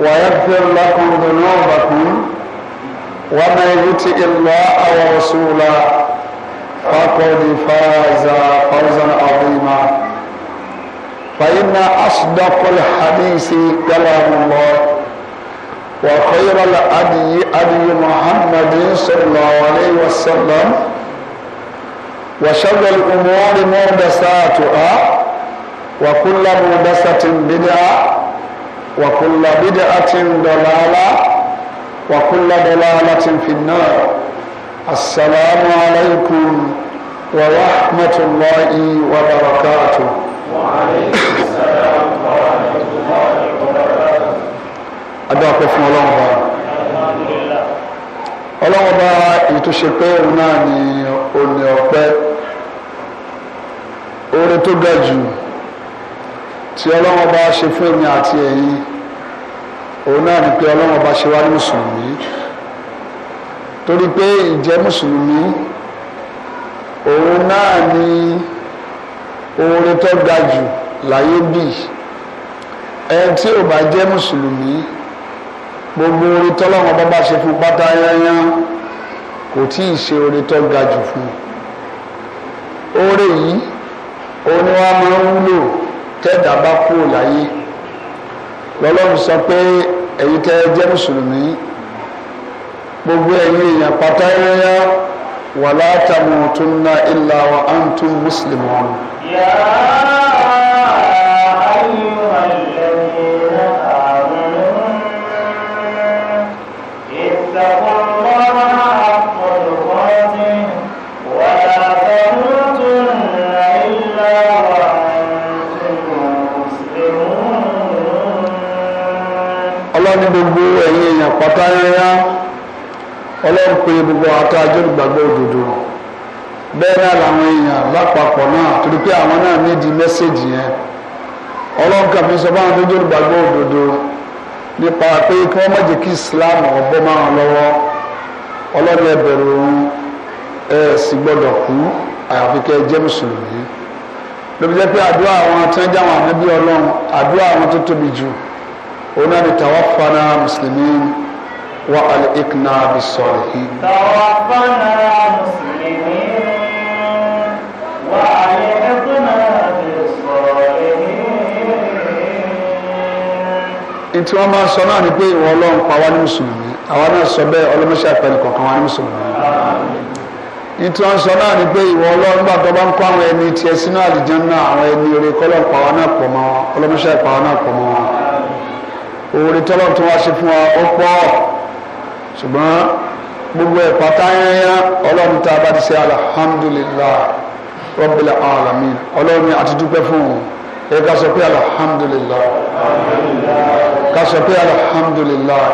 ويغفر لكم ذنوبكم ومن يطع الله ورسوله فقد فاز فوزا عظيما فإن أصدق الحديث كلام الله وخير الأدي أدي محمد صلى الله عليه وسلم وشر الأمور محدثاتها وكل محدثة بدعة وكل بدعة ضلالة وكل ضلالة في النار السلام عليكم ورحمة الله وبركاته وعليكم السلام ورحمة الله وبركاته أدعوكم الله ọlọ́wọ́ bá èyí tó ṣe pé òun náà ni òní ọ̀pẹ oore tó ga jù tí ọlọ́wọ́n bá ṣe fún èmi àti ẹ̀yin òun náà ni pé ọlọ́wọ́n bá ṣe wá mùsùlùmí torí pé ìjẹ́ mùsùlùmí òun náà ni oore tó ga jù láyé bì ẹni tí ò bá jẹ́ mùsùlùmí gbogbo oore tọ́lọ́wọ́n bá bá ṣe fún pátá yányán kò tí ì ṣe oore tó ga jù fún oore yìí òun ni wọ́n máa ń wúlò tẹ́ẹ̀dá bá kú láyé lọ́lọ́run sọ pé ẹ̀yin tẹ́ jẹ́ mùsùlùmí gbogbo ẹ̀yin èèyàn pátá yẹ́yá wala tamutunna illa wa antum muslimun. yàrá. ọlọ́ni gbogbo ẹ̀yin èèyàn pátá yẹn ọlọ́run pé gbogbo ata ajọ́dùgbàgbọ́ òdodo bẹ́ẹ̀ náà làwọn èèyàn lápapọ̀ náà torí pé àwọn náà nídìí mẹ́sẹ̀gì yẹn ọlọ́run kàfi sọ fún àwọn tó jọ́dùgbàgbọ́ òdodo nípa pé kí wọ́n má jẹ́ kí Islam ọ̀bọ máa wọn lọ́wọ́ ọlọ́run ẹ bẹ̀rù òun ẹ sì gbọ́dọ̀ kú àyàfi kẹ́ ẹ jẹ́ mùsùlùmí lóbi jẹ́ pé àdúrà àwọn tí wọ́n jáwọn ànábí ọlọ́run àdúrà àwọn tó tóbi jù ona ni tawaffana muslimin wa al-ikna bis-salihin. tawaffana muslimin wa al-ikna bis-salihin. ntí wọ́n máa ń sọ náà ni pé ìwọ ọlọ́run pa wá ní mùsùlùmí àwa náà sọ bẹ́ẹ̀ ọlọ́mọṣẹ́ àpẹẹrẹ kọ̀ọ̀kan wá ní mùsùlùmí. ntí wọ́n sọ náà ni pé ìwọ ọlọ́run gbà tó bá ń kó àwọn ẹni tiẹ̀ sínú àlìjànnà àwọn ẹni orí kọ́lọ́ pàwọn náà pọ̀ mọ́ ọlọ́mọṣẹ́ pàwọn náà pọ̀ mọ́ wọn oore tọ́lọ́ tó wá ṣe fún wa ó pọ̀ ṣùgbọ́n gbogbo ẹ̀ pátáyáyá ọlọ́run tá a bá ti ṣe alhamdulillah rabbil alamin ọlọ́run àti dúpẹ́ fún un ẹ ká sọ pé alhamdulillah ká sọ pé alhamdulillah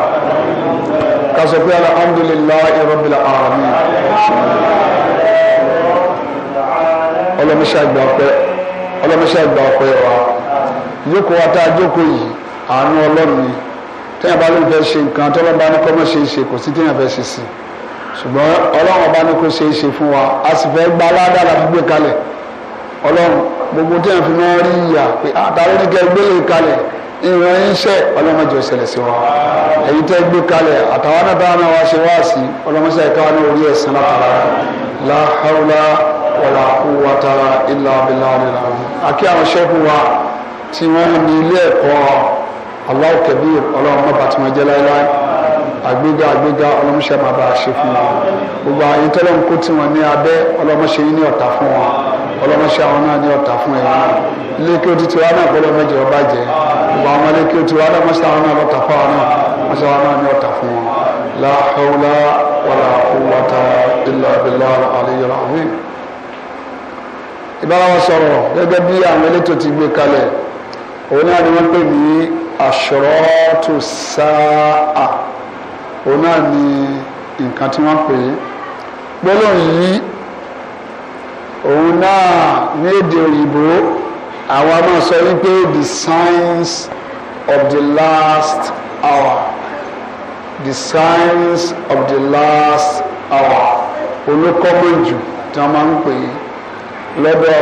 ká sọ pé alhamdulillah rabbil alamin ọlọ́mọṣẹ́ àgbà ọpẹ́ ọlọ́mọṣẹ́ àgbà ọpẹ́ wa yókò wa tá a jókòó yìí àánú ọlọ́run ni téèyàn bá lóun fẹ́ ṣe nǹkan tọ́lọ́run bá ní kọ́ mọ̀ ṣe é ṣe kò sí téèyàn fẹ́ ṣe sí ṣùgbọ́n ọlọ́run bá ní kó ṣe é ṣe fún wa a sì fẹ́ gba aládàá fi gbé kalẹ̀ ọlọ́run gbogbo téèyàn fi máa rí ìyà pé àtàwọn ah, oníkẹ́ gbélé kalẹ̀ ìran iṣẹ́ ọlọ́mọdé ọ̀sẹ̀lẹ̀ sí wa èyí tẹ́ gbé kalẹ̀ àtàwọn náà táwọn náà wá ṣe wá sí ọlọ́mọdé ẹ̀ka náà orí ẹ̀sán látara la hawla wala quwwata illa billahi àkí àwọn ṣẹ́kù wa tí wọ́n ní ilé ẹ̀kọ́ Allahu Kabir ọlọ́run mọ́ba tí wọ́n jẹ́ láéláé àgbéga àgbéga ọlọ́mọṣẹ́ máa bá a ṣe fún wọn gbogbo àyè tọ́lọ́ ń kó tí wọ́n ní abẹ́ ọlọ́mọṣẹ́ yín ní ọ̀tá fún wọn ọlọ́mọṣẹ́ àwọn náà ní ọ̀tá fún ẹ̀yìn náà ilé kí o ti tiwa náà gbọ́dọ̀ méje ọba jẹ́ gbogbo àwọn ilé kí o tiwa náà àwọn náà lọ́tà fún àwọn náà mọ̀ṣẹ́ àwọn náà ní ọ̀tá fún wọn òun náà ni wọ́n pè ní aṣọ́rọ́tò sáà òun náà ni nǹkan tí wọ́n pè é gbólóhùn yìí òun náà ní èdè òyìnbó àwọn máa sọ wípé the signs of the last hour the signs of the last hour olókọ́ méjì tí wọ́n máa ń pè é lọ́dọ̀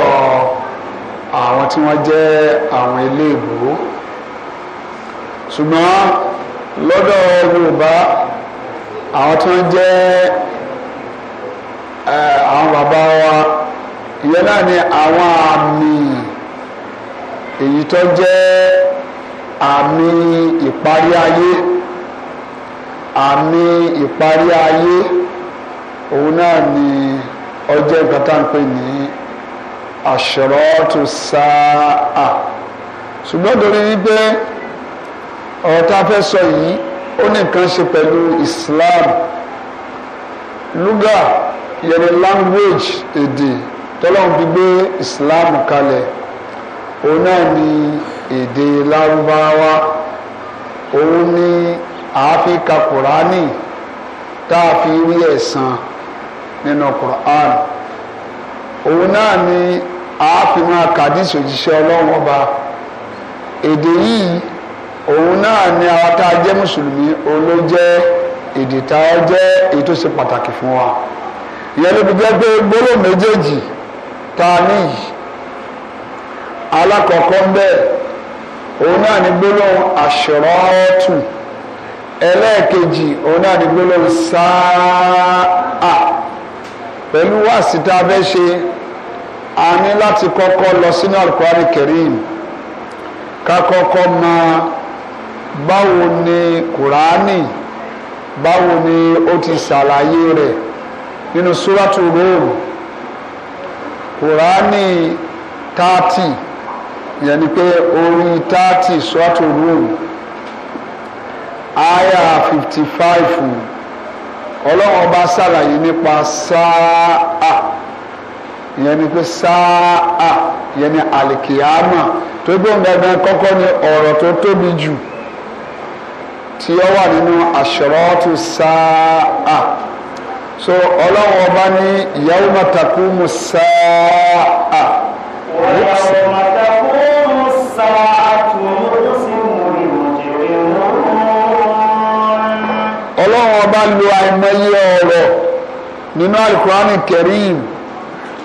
àwọn tí wọ́n jẹ́ àwọn eléèbó ṣùgbọ́n lọ́dọ̀ Yorùbá àwọn tí wọ́n jẹ́ àwọn bàbá wa ìyẹn náà ni àwọn àmì èyí tó jẹ́ àmì ìparí ayé àmì ìparí ayé òun náà ni ọjọ́ ìgbà tá à ń pè ní àṣọrọ́tù sáà ṣùgbọ́n torí wípé ọ̀rọ̀ tá a fẹ́ sọ yìí ó ní nǹkan ṣe pẹ̀lú Islam lugha yẹn language èdè tọ́lọ́run fi gbé Islam kalẹ̀ òun náà ni èdè lárúbáwá òun ni àáfi kùránì tá a fi rí ẹ̀san nínú kùránì. òun náà ni àáfin máa kàdísì òjíṣẹ́ ọba èdè yìí òun náà ni mùsùlùmí òun je èdè tá a pàtàkì fún wa ìyẹn ló fi jẹ́ pé gbólóhùn méjèèjì tá a yìí ń bẹ òun náà ni gbólóhùn ẹlẹ́ẹ̀kejì òun náà ni gbólóhùn sáà. pẹ̀lú wáàsí tá a fẹ́ ṣe a ní láti kọ́kọ́ lọ sínú Al-Qur'an ká kọ́kọ́ mọ báwo ni kùránì báwo ni ó ti ṣàlàyé rẹ̀ nínú Suratu Rum kùránì tààtì ìyẹn ni pé orí tààtì Suratu Rum aya fifty five ọlọ́run ọba ṣàlàyé nípa sáà ìyẹn ni pé sáà ìyẹn ni àlìkìyàmà tó gbóhùn dandan kọ́kọ́ ni ọ̀rọ̀ tó tóbi jù tí ó wà nínú àṣọrọ́tù sáà so ọlọ́run ọba ní yawma takumu sáà. wọ́n yà wọ́n máa. lo àìmọye ọ̀rọ̀ nínú alukurani kerim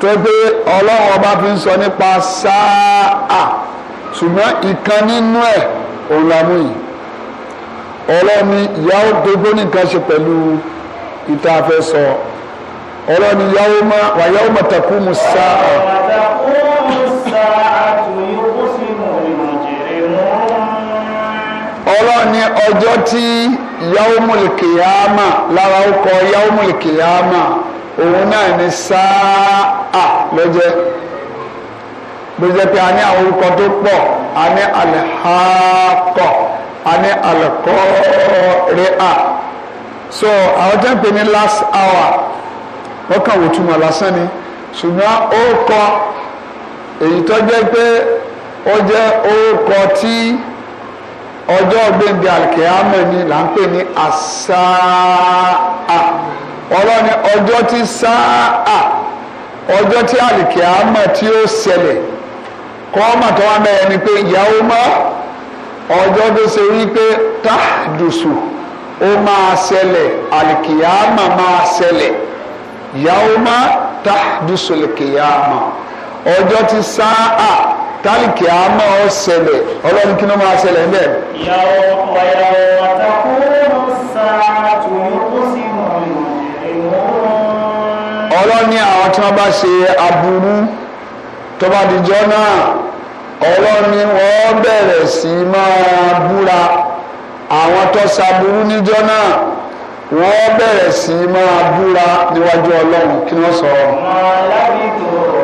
tó pé ọlọ́run ọba fi ń sọ nípa sáà ṣùgbọ́n ìkan nínú ẹ̀ òun la mú yìí ọlọ́ni ìyàwó gbogbo nìkan ṣe pẹ̀lú ìta afẹ́ sọ ọlọ́ni ìyàwó má wàyàwó mọ̀tàkù mu sáà. ọlọ́ni ọjọ́ tí yawmul qiyama lára ó kọ yawmul qiyama òun náà ní sáà lọ́jẹ́ bó a ní àwọn orúkọ tó pọ̀ a ní alihakọ a ní alikọ́rẹ́à so àwọn jẹ́ pé ní last hour wọ́n kàn wò túmọ̀ lásán ni ṣùgbọ́n ó kọ èyí tó jẹ́ pé ó jẹ́ ó kọ tí ọjọ́ gbẹ̀ndẹ̀ alikiyama ni là ń pè ní asáà ọlọ́ni ọjọ́ tí sáà ọjọ́ tí alikiyama tí ó ṣẹlẹ̀ kọ́mà tó wá mẹ́rin ni pé ìyàwó mọ́ ọjọ́ tó ṣe wí pé táàdùsù ó máa ṣẹlẹ̀ alikiyama máa ṣẹlẹ̀ ìyàwó mọ́ táàdùsù alikiyama ọjọ́ tí sáà tálíkì àmọ́ ọ ṣẹlẹ̀ ọlọ́run kí ló máa ṣẹlẹ̀ ń bẹ̀. ìyàwó ọ̀yàwó àtàkùnrin sáà tó yọ kó sí ọlọ́ni àwọn tí wọ́n bá ṣe aburú tó bá dijọ́ náà ọlọ́ni wọ́n bẹ̀rẹ̀ sí máa búra àwọn tó ṣaburú níjọ́ náà wọ́n bẹ̀rẹ̀ sí máa búra níwájú ọlọ́run kí wọ́n sọ. ọ̀la bí tó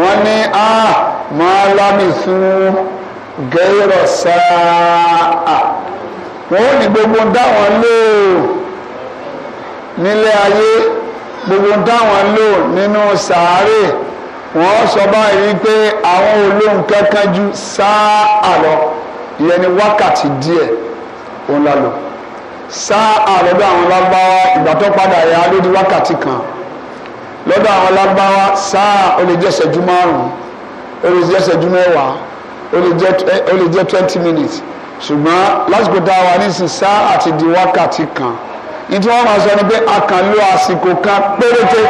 wọ́n ní a ah, máa lámì fún gẹ́rọ̀ sáà wọ́n ní gbogbo dáwọn lò nílé ayé gbogbo dáwọn lò nínú sàárè wọ́n sọ báyìí wípé àwọn olóhùn kankan ju sáà lọ ìyẹn ni wákàtí díẹ̀ òun la lò sáà lọ́dọ̀ àwọn lágbára ìgbà tó padà yá ló di wákàtí kan lọ́dọ̀ àwọn lágbáwá sáà ó lè jẹ́ ìṣẹ́jú márùn-ún ó lè jẹ́ ìṣẹ́jú mẹ́wàá ó lè jẹ́ twenty minutes ṣùgbọ́n lásìkò tá a wà nísìn sáà àti di wákàtí kan ní tí wọ́n máa sọ ni pé a kàn lo àsìkò kan péréte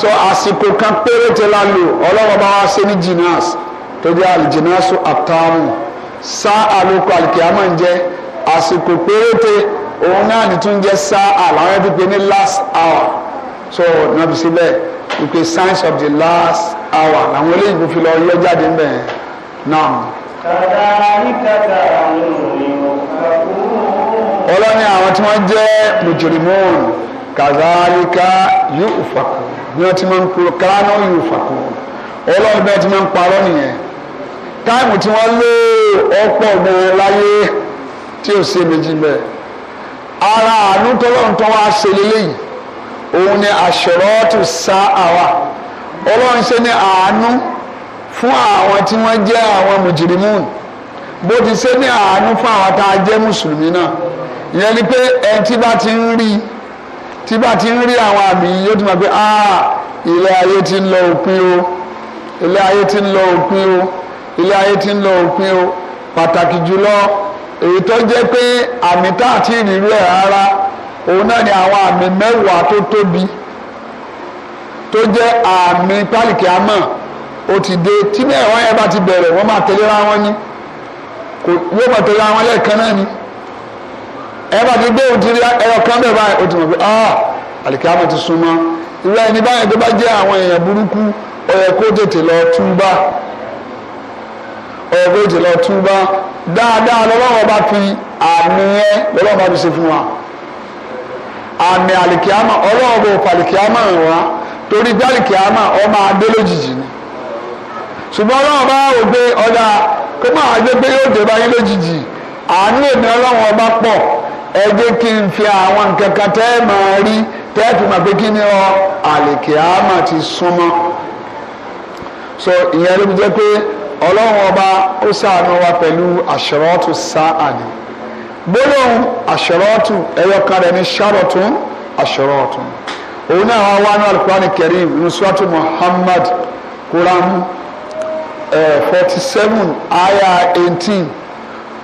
sọ àsìkò kan péréte la lò ọlọ́run bá wá ṣe ní jinas tó jẹ́ àlìjìnásù àtàwọn sáà àlòkù àlìkìyàmọ̀ ń jẹ́ àsìkò péréte òun náà ní tún jẹ́ sáà làwọn ẹbí pé ní last hour so náà fi síbẹ̀ wípé signs of the last hour làwọn eléyìí kò fi lọ yọ jáde ńbẹ̀ náà. ọlọ́ni àwọn tí wọ́n jẹ́ mùjòrìmọ́ọ̀n kàzálíkà yóò fàkù ni wọ́n ti máa ń kúrò kánú yóò fàkù ọlọ́run bẹ́ẹ̀ ti máa ń parọ́ nìyẹn táìmù tí wọ́n lé ọ̀pọ̀ gan-an láyé tí ò sí méjì bẹ́ẹ̀ ara àánú tọ́lọ́run tó wá ṣe lélẹ́yìn òun ni àṣọrọ́ọ̀tù sá àwa ọlọ́run ṣe ní àánú fún àwọn tí wọ́n jẹ́ àwọn mùjìrìmùn bó ti ṣe ní àánú fún àwọn tá a jẹ́ mùsùlùmí náà ìyẹn ni pé ẹni tí bá ti ń rí tí bá ti ń rí àwọn àmì yìí yóò ti mọ̀ pé ah ilé ayé ti ń lọ òpin o ilé ayé ti ń lọ òpin o ilé ayé ti ń lọ òpin o pàtàkì jùlọ èyí tó jẹ́ pé àmì tá àti ìrírú ẹ̀ rárá òun náà ni àwọn àmì mẹ́wàá tó tóbi tó jẹ́ àmì pálíkì àmọ́ ó ti dé tí mẹ́wàá yẹn bá ti bẹ̀rẹ̀ wọ́n máa tẹ̀lé ra wọn ní wọ́n máa tẹ̀lé ra wọn lẹ́ẹ̀kan náà ni ẹ bá ti gbé òtí ẹyọ kan bẹ́ẹ̀ báyìí ó ti mọ̀ pé ah àlìkí àmọ́ ti súnmọ́ ìwé ẹni báyìí tó bá jẹ́ àwọn èèyàn burúkú ó kó tètè lọ túbà. Ọ bụ lọ dáadáa lọ́lọ́wọ́ bá fi àmì yẹn bá fi ṣe fún wa àmì àlìkíámà ọlọ́wọ́ bò pàlìkíámà wa torí bí àlìkíámà ọmọ adé lójijì ni bá kó gbé pé yóò dé báyìí lójijì àánú èmi bá ẹ kí n fi àwọn nǹkan kan ẹ máa rí ọlọ́run ọba ó ṣàánú wa pẹ̀lú àṣọrọ́tù sáàdì gbólóhùn àṣọrọ́tù ẹ̀yọkan rẹ̀ ní ṣàròtún àṣọrọ́tún òun náà wá wá alukurani nusratu muhammad quran forty seven aya eighteen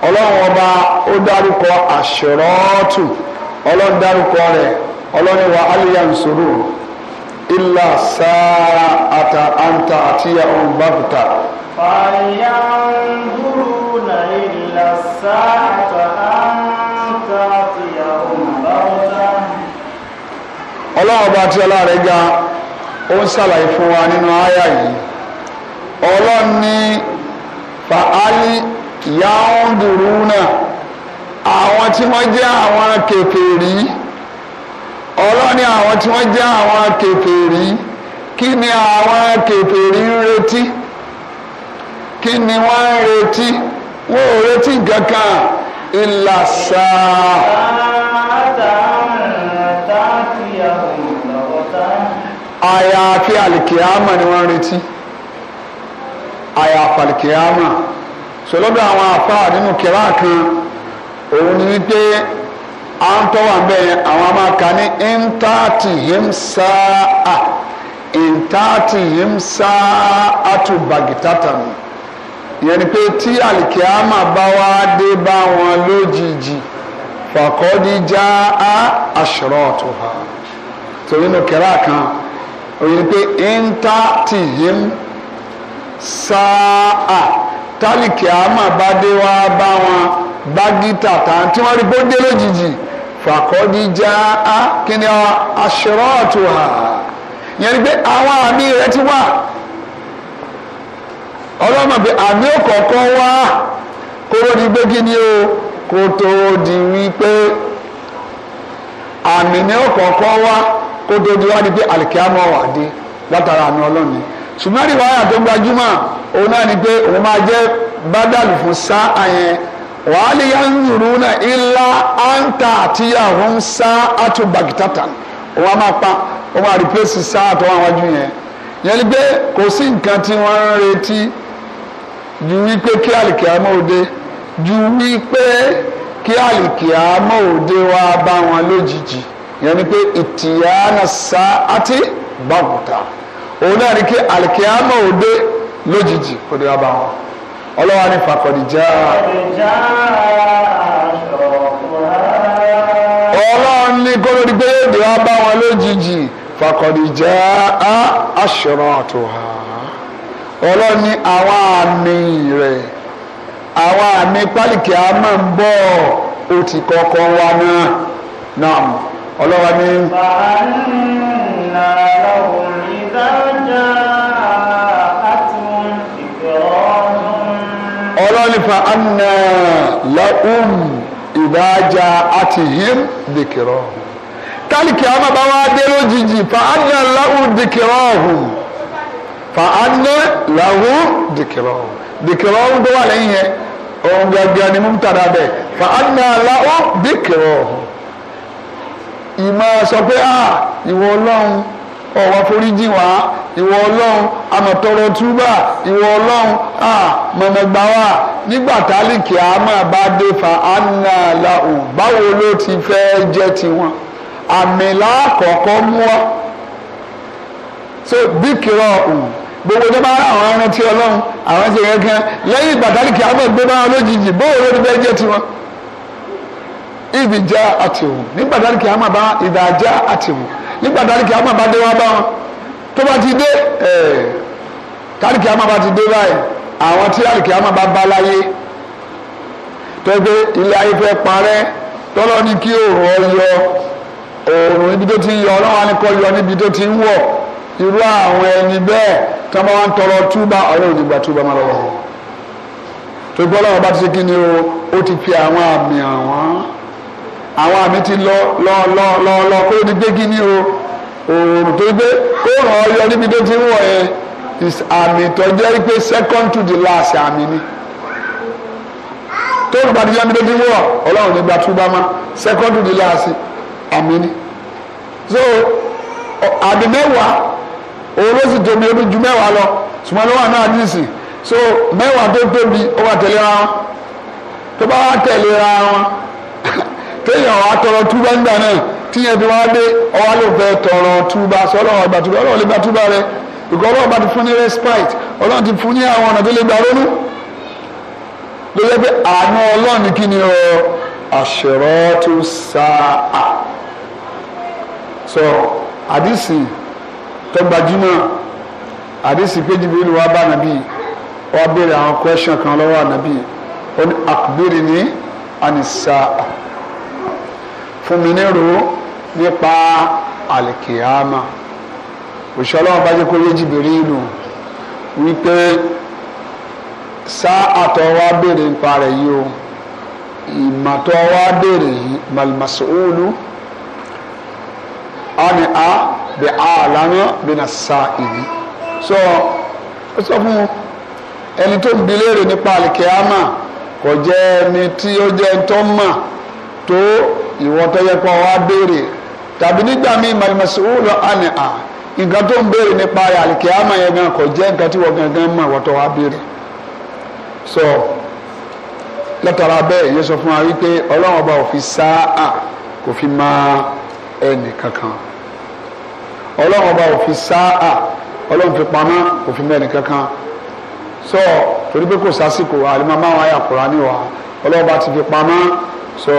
ọlọ́run ọba ó dárúkọ àṣọrọ́tù ọlọ́run dárúkọ rẹ̀ ọlọ́run wa aliyansoro illa sáà ata anta àti ọlọ́run ọba tí ọlọ́run ga ó ń ṣàlàyé fún wa nínú àyà yìí ọlọ́run ní fàáli yáwọn burú náà àwọn tí wọ́n jẹ́ àwọn kékeré ọlọ́run ní àwọn tí wọ́n jẹ́ àwọn kékeré kí ni àwọn kékeré ń retí. kí ni wọ́n ń retí wọ́n ò retí kankan ìlà sáà. àyàfi àlìkìyàmà ni wọ́n ń retí àyàfi àlìkìyàmà sọlọ́dọ̀ àwọn àfáà nínú kẹrà kan òun ni wípé à ń tọ́wà ń bẹ́ẹ̀ àwọn a máa kà ní íńtáàtì yìí ń sáà íńtáàtì yìí ń sáà àtúbàgìtàtà mi ìyẹn ni pé tí àlìkíámà bá wá dé bá wọn lójijì fàkọ́díjà á àṣọrọ̀ ọ̀tún ha torí inú kẹrà kan òye ni pé íńtà tì yín sáà tálìkíámà bá dé wá bá wọn bágítà tán tí wọ́n rí bó dé lójijì fàkọ́díjà á kí ni àṣọrọ̀ ọ̀tún ha ìyẹn ni pé àwọn àmì rẹ ti wà ọlọ́mọ pé àmì òkọ̀ọ̀kan wá kó ló di pé kí ni o kó tó di wípé àmì ní òkọ̀ọ̀kan wá kó tó di wá di pé àlìkíámọ̀ wà dé látara àmì ọlọ́ni ṣùgbọ́n ìwà àyà tó gbajúmọ̀ òun náà ni pé òun máa jẹ́ bádàlù fún sáà yẹn wàhálì yẹn ń rú náà ilá àǹtà àtìyàwó ń sáà tó bàgìtàtà òun á máa pa òun á rìpéṣì sáà tó wà wájú yẹn yẹn ni pé kò sí nǹkan tí wọ́n ń retí ju wípé kí àlìkìámọ òde ju wípé kí àlìkìámọ òde wá bá wọn lójijì yẹn ni pé ìtìyàna sa àti bàbùtà òun náà ni kí àlìkìámọ òde lójijì kò dé wá bá wọn ọlọ́wà ní fàkọ̀dìjà. ọlọ́run ní kólórí pé èdè wá bá wọn lójijì fàkọ̀dìjà á aṣọ̀rọ̀ àtòhà. ọlọ́ni àwọn àmì rẹ̀ àwọn àmì pálíkì a máa ń bọ̀ ó ti kọ́kọ́ wá náà náà ni. fàánà lọ́wọ́ ìdájà àtún ìdájà àti him dìkìrọ̀. máa bá dé lójijì dìkìrọ̀ fa anna lahu dìkìrọ̀ dìkìrọ̀ ń gbọ́ wà lẹ́yìn yẹn òun gbàgbà ni mú tàdá bẹ́ẹ̀ fa anna lahu dìkìrọ̀ ìmọ̀ sọ pé à ìwọ ọlọ́run ọ̀wá foríjì wá ìwọ ọlọ́run àmọ̀tọrọ túbà ìwọ ọlọ́run à mọ̀mọ̀gbà wá nígbà tálíkì àmọ́ bá dé fa anna lahu báwo ló ti fẹ́ jẹ́ tiwọn àmì lákọ̀ọ́kọ́ mú so bíkìrọ̀ gbogbo ọjọ́ bá àwọn arántí ọlọ́run àwọn ti yẹn kan lẹ́yìn ìgbàdálì kí àwọn gbé máa lójijì bóòwò ti jẹ́ tiwọn. ibi jẹ́ àtìwò nígbàdálì kí àwọn bá ìdá àtìwò nígbàdálì kí tó bá ti dé ẹ̀ẹ́ kí bá ti dé báyìí àwọn tí kí bá bá irú àwọn ẹni bẹ́ẹ̀ tí wọ́n bá wá ń tọrọ túbà ọlọ́run ti gba túbà máa lọ́wọ́ tó gbọ́ lọ́wọ́ bá ti ṣe kí ni o ó ti fi àwọn àmì àwọn àwọn àmì ti lọ lọ lọ lọ lọ kó o ti gbé kí ni o òòrùn tó gbé kó ràn ọ́ yọ níbi tó ti ń wọ̀ yẹn àmì tó jẹ́ pé second to the last àmì ni tó ń gbàdúrà níbi tó ti ń wọ̀ ọlọ́run ní gba túbà máa second to the last àmì ni so àmì mẹ́wàá òun ló sì tóbi ó ju mẹ́wàá lọ ṣùgbọ́n ló wà náà nísìn so mẹ́wàá tó tóbi ó wà tẹ̀lé ra wọn tó bá wà tẹ̀lé ra wọn kéèyàn wà tọrọ túbá ńgbà náà tíyẹn fi wá dé ọwọ́ ló fẹ́ tọrọ túbá sọlọ́ ọgbà túbá ọlọ́run lè gba túbá rẹ ìgbà ọlọ́run bá ti fún ní respite ọlọ́run ti fún ní àwọn ọ̀nà tó lè gba ronú ló yẹ pé àánú ọlọ́run kí ni ọ àṣẹrọ́ tó sáà so àdìsìn tó gbajúmọ̀ àdìsí pé jìbìrì wà bá nàbí wà béèrè àwọn question kan lọ́wọ́ ànàbí ó ní àkùbèrè ní ànìsà fún mi ní ro nípa àlìkìyàmà òṣìṣẹ́ ọlọ́run bá jẹ́ kó yé jìbìrì ìlú wípé sáà àtọ̀ wa béèrè nípa rẹ̀ yìí o ìmọ̀tọ́ wa béèrè yìí màlìmọ̀sọ̀ òòlù á a bẹ àlànà bẹ na sa ìlú so ó sọ fún ẹni tó ń bi léèrè nípa àlìkíyàmà kò jẹ́ ẹni tí ó jẹ́ tó mà tó ìwọ tó yẹ kó wá béèrè tàbí nígbà míì màlìmọ̀síwò lọ àná à nǹkan tó ń béèrè nípa àlìkíyàmà yẹn gan kò jẹ́ nǹkan tí wọ́n gangan mọ̀ wọ́n tó wá béèrè so látara bẹ́ẹ̀ yẹ sọ fún wa wípé ọlọ́run ọba ò fi sáà kò fi máa ẹnì kankan ọlọ́run ọba òfin sáà ọlọ́run fi pamọ́ òfin mẹ́rin kankan sọ torí pé kò sásìkò àlùmọ́ máa wáyà kúrá níwà ọlọ́run ọba ti fi pamọ́ sọ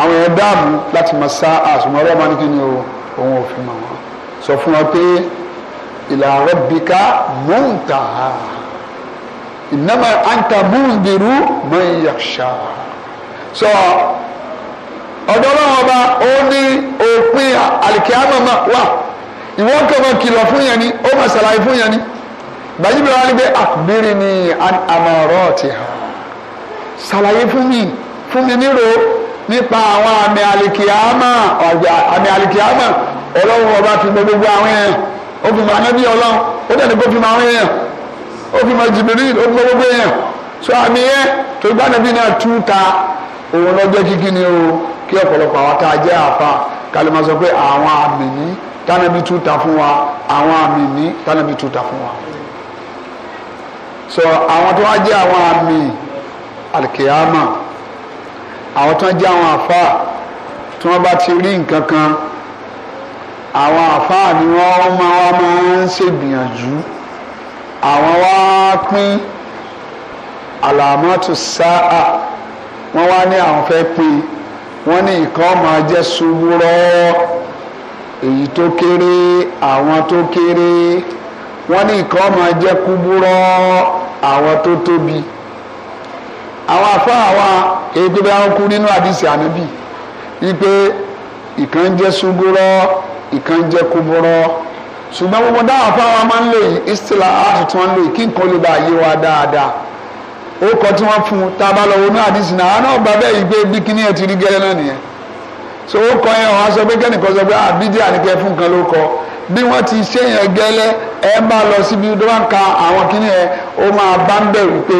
àwọn yẹn dáàbò láti máa sáà ṣùgbọ́n ọlọ́run máa ní kí ni o òun ò fi mọ̀ wọ́n sọ fún wọn pé ìlà rabbika muntaha innama anta mundiru man yakhsha sọ ọ̀dọ́ ọlọ́run ọba ó ní òpin àlìkíyàmọ̀ wà ìwọ ń kẹ́kọ̀ọ́ kìlọ̀ fún yẹn ni ó máa ṣàlàyé fún yẹn ni gbajúmọ̀ wọn ni pé àkùbírí ni àmọ̀rọ̀ ti hà ṣàlàyé fún mi fún mi níro nípa àwọn àmì àlìkìámà àmì àlìkìámà ọlọ́run ọba fi mọ gbogbo àwọn èèyàn ó fi mọ anábì ọlọ́run ó dẹ̀ ní kó fi mọ àwọn èèyàn ó fi mọ jìbìrì ó fi mọ gbogbo èèyàn so àmì yẹn tó gbá nàbí náà tú ta òun lọ jẹ́ kíkí ni o kí ọ̀pọ̀lọpọ̀ àwọn tá a jẹ́ àfa kálí máa sọ pé àwọn àmì yìí tánàbí tún ta fún wa àwọn àmì ní tánàbí tún ta fún wa so àwọn tó wá jẹ́ àwọn àmì alikiyama àwọn tó wá jẹ́ àwọn àfa tí wọ́n bá ti rí nǹkan kan àwọn àfa ni wọ́n máa wá máa ń ṣègbìyànjú àwọn wá pín àlàmọ́tò sáà wọ́n wá ní àwọn fẹ́ pín wọ́n ní nǹkan máa jẹ́ ṣubúrọ́ èyí tó kéré àwọn tó kéré wọ́n ní nǹkan máa jẹ́ kúbúrọ́ àwọn tó tóbi àwọn afá àwa èyí tó bá ń kú nínú àdìsí ànábì wípé ìkan jẹ́ ṣúgúrọ́ ìkan jẹ́ kúbúrọ́ ṣùgbọ́n gbogbo dáhùn afá wa máa ń lò yìí istila áàtù tí wọ́n ń lò yìí kí nǹkan lè bá yé wa dáadáa ó kọ tí wọ́n fún un tá a bá lọ wọnú àdìsí náà àwọn náà gbà bẹ́ẹ̀ yìí pé bí kíní ti rí gẹ́lẹ́ náà nìyẹn so ó kọ yẹn wọn sọ pé kẹ́nìkan sọ pé àbídí ah, àníkẹ́ fún kan ló kọ bí wọ́n ti ṣe yẹn gẹ́lẹ́ ẹ bá lọ síbi tó bá ń ka àwọn kíní yẹn ó máa bá ń bẹ̀rù pé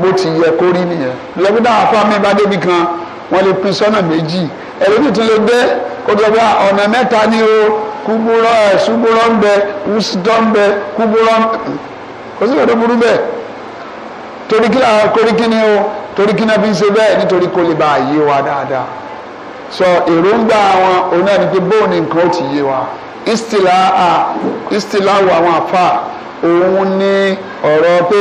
bó ti yẹ kó rí nìyẹn lọ́gbọ́n dáhà fún mi bá débi kan wọ́n lè pín sọ́nà méjì ẹlòmíì tún lè gbé kó tó bá ọ̀nà mẹ́ta ní o kúburọ́ ẹ̀ ṣúburọ́ ń bẹ wùsùtọ́ ń bẹ kúburọ́ ń bẹ kò sí ìrọ̀lẹ́ burú bẹ́ẹ̀ torí kí ni o torí kí ni a fi ń ṣe bẹ́ẹ̀ nítorí kó lè bá àyè wa dáadáa sọ èròǹgbà wọn òun náà ní pé bóun ni nǹkan ó ti yé wa istilahu àwọn afa òun ní ọ̀rọ̀ pé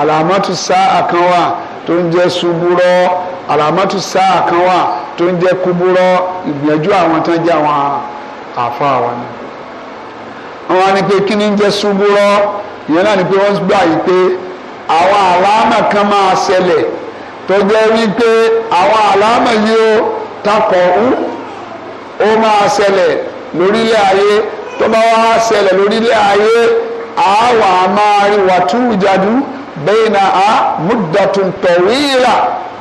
alamatu sáà kan wà tó ń jẹ́ subúrọ́ alamatu sáà kan wà tó ń jẹ́ kúbúrọ́ ìgbìyànjú àwọn tó ń jẹ́ àwọn afa wa ni. wọ́n á ní pé kí ni ń jẹ́ subúrọ́ ìyẹn náà ni pé wọ́n gbà yìí pé àwọn àlámà kan máa ṣẹlẹ̀ tó jẹ́ wípé àwọn àlámà yìí ó takọ̀ ń ó máa ṣẹlẹ̀ lórílẹ̀ ayé tó bá wá ṣẹlẹ̀ lórílẹ̀ ayé àwa máa rí wàtú ìjàdú bẹ́ẹ̀ na a múdàtún tọ̀wéèrà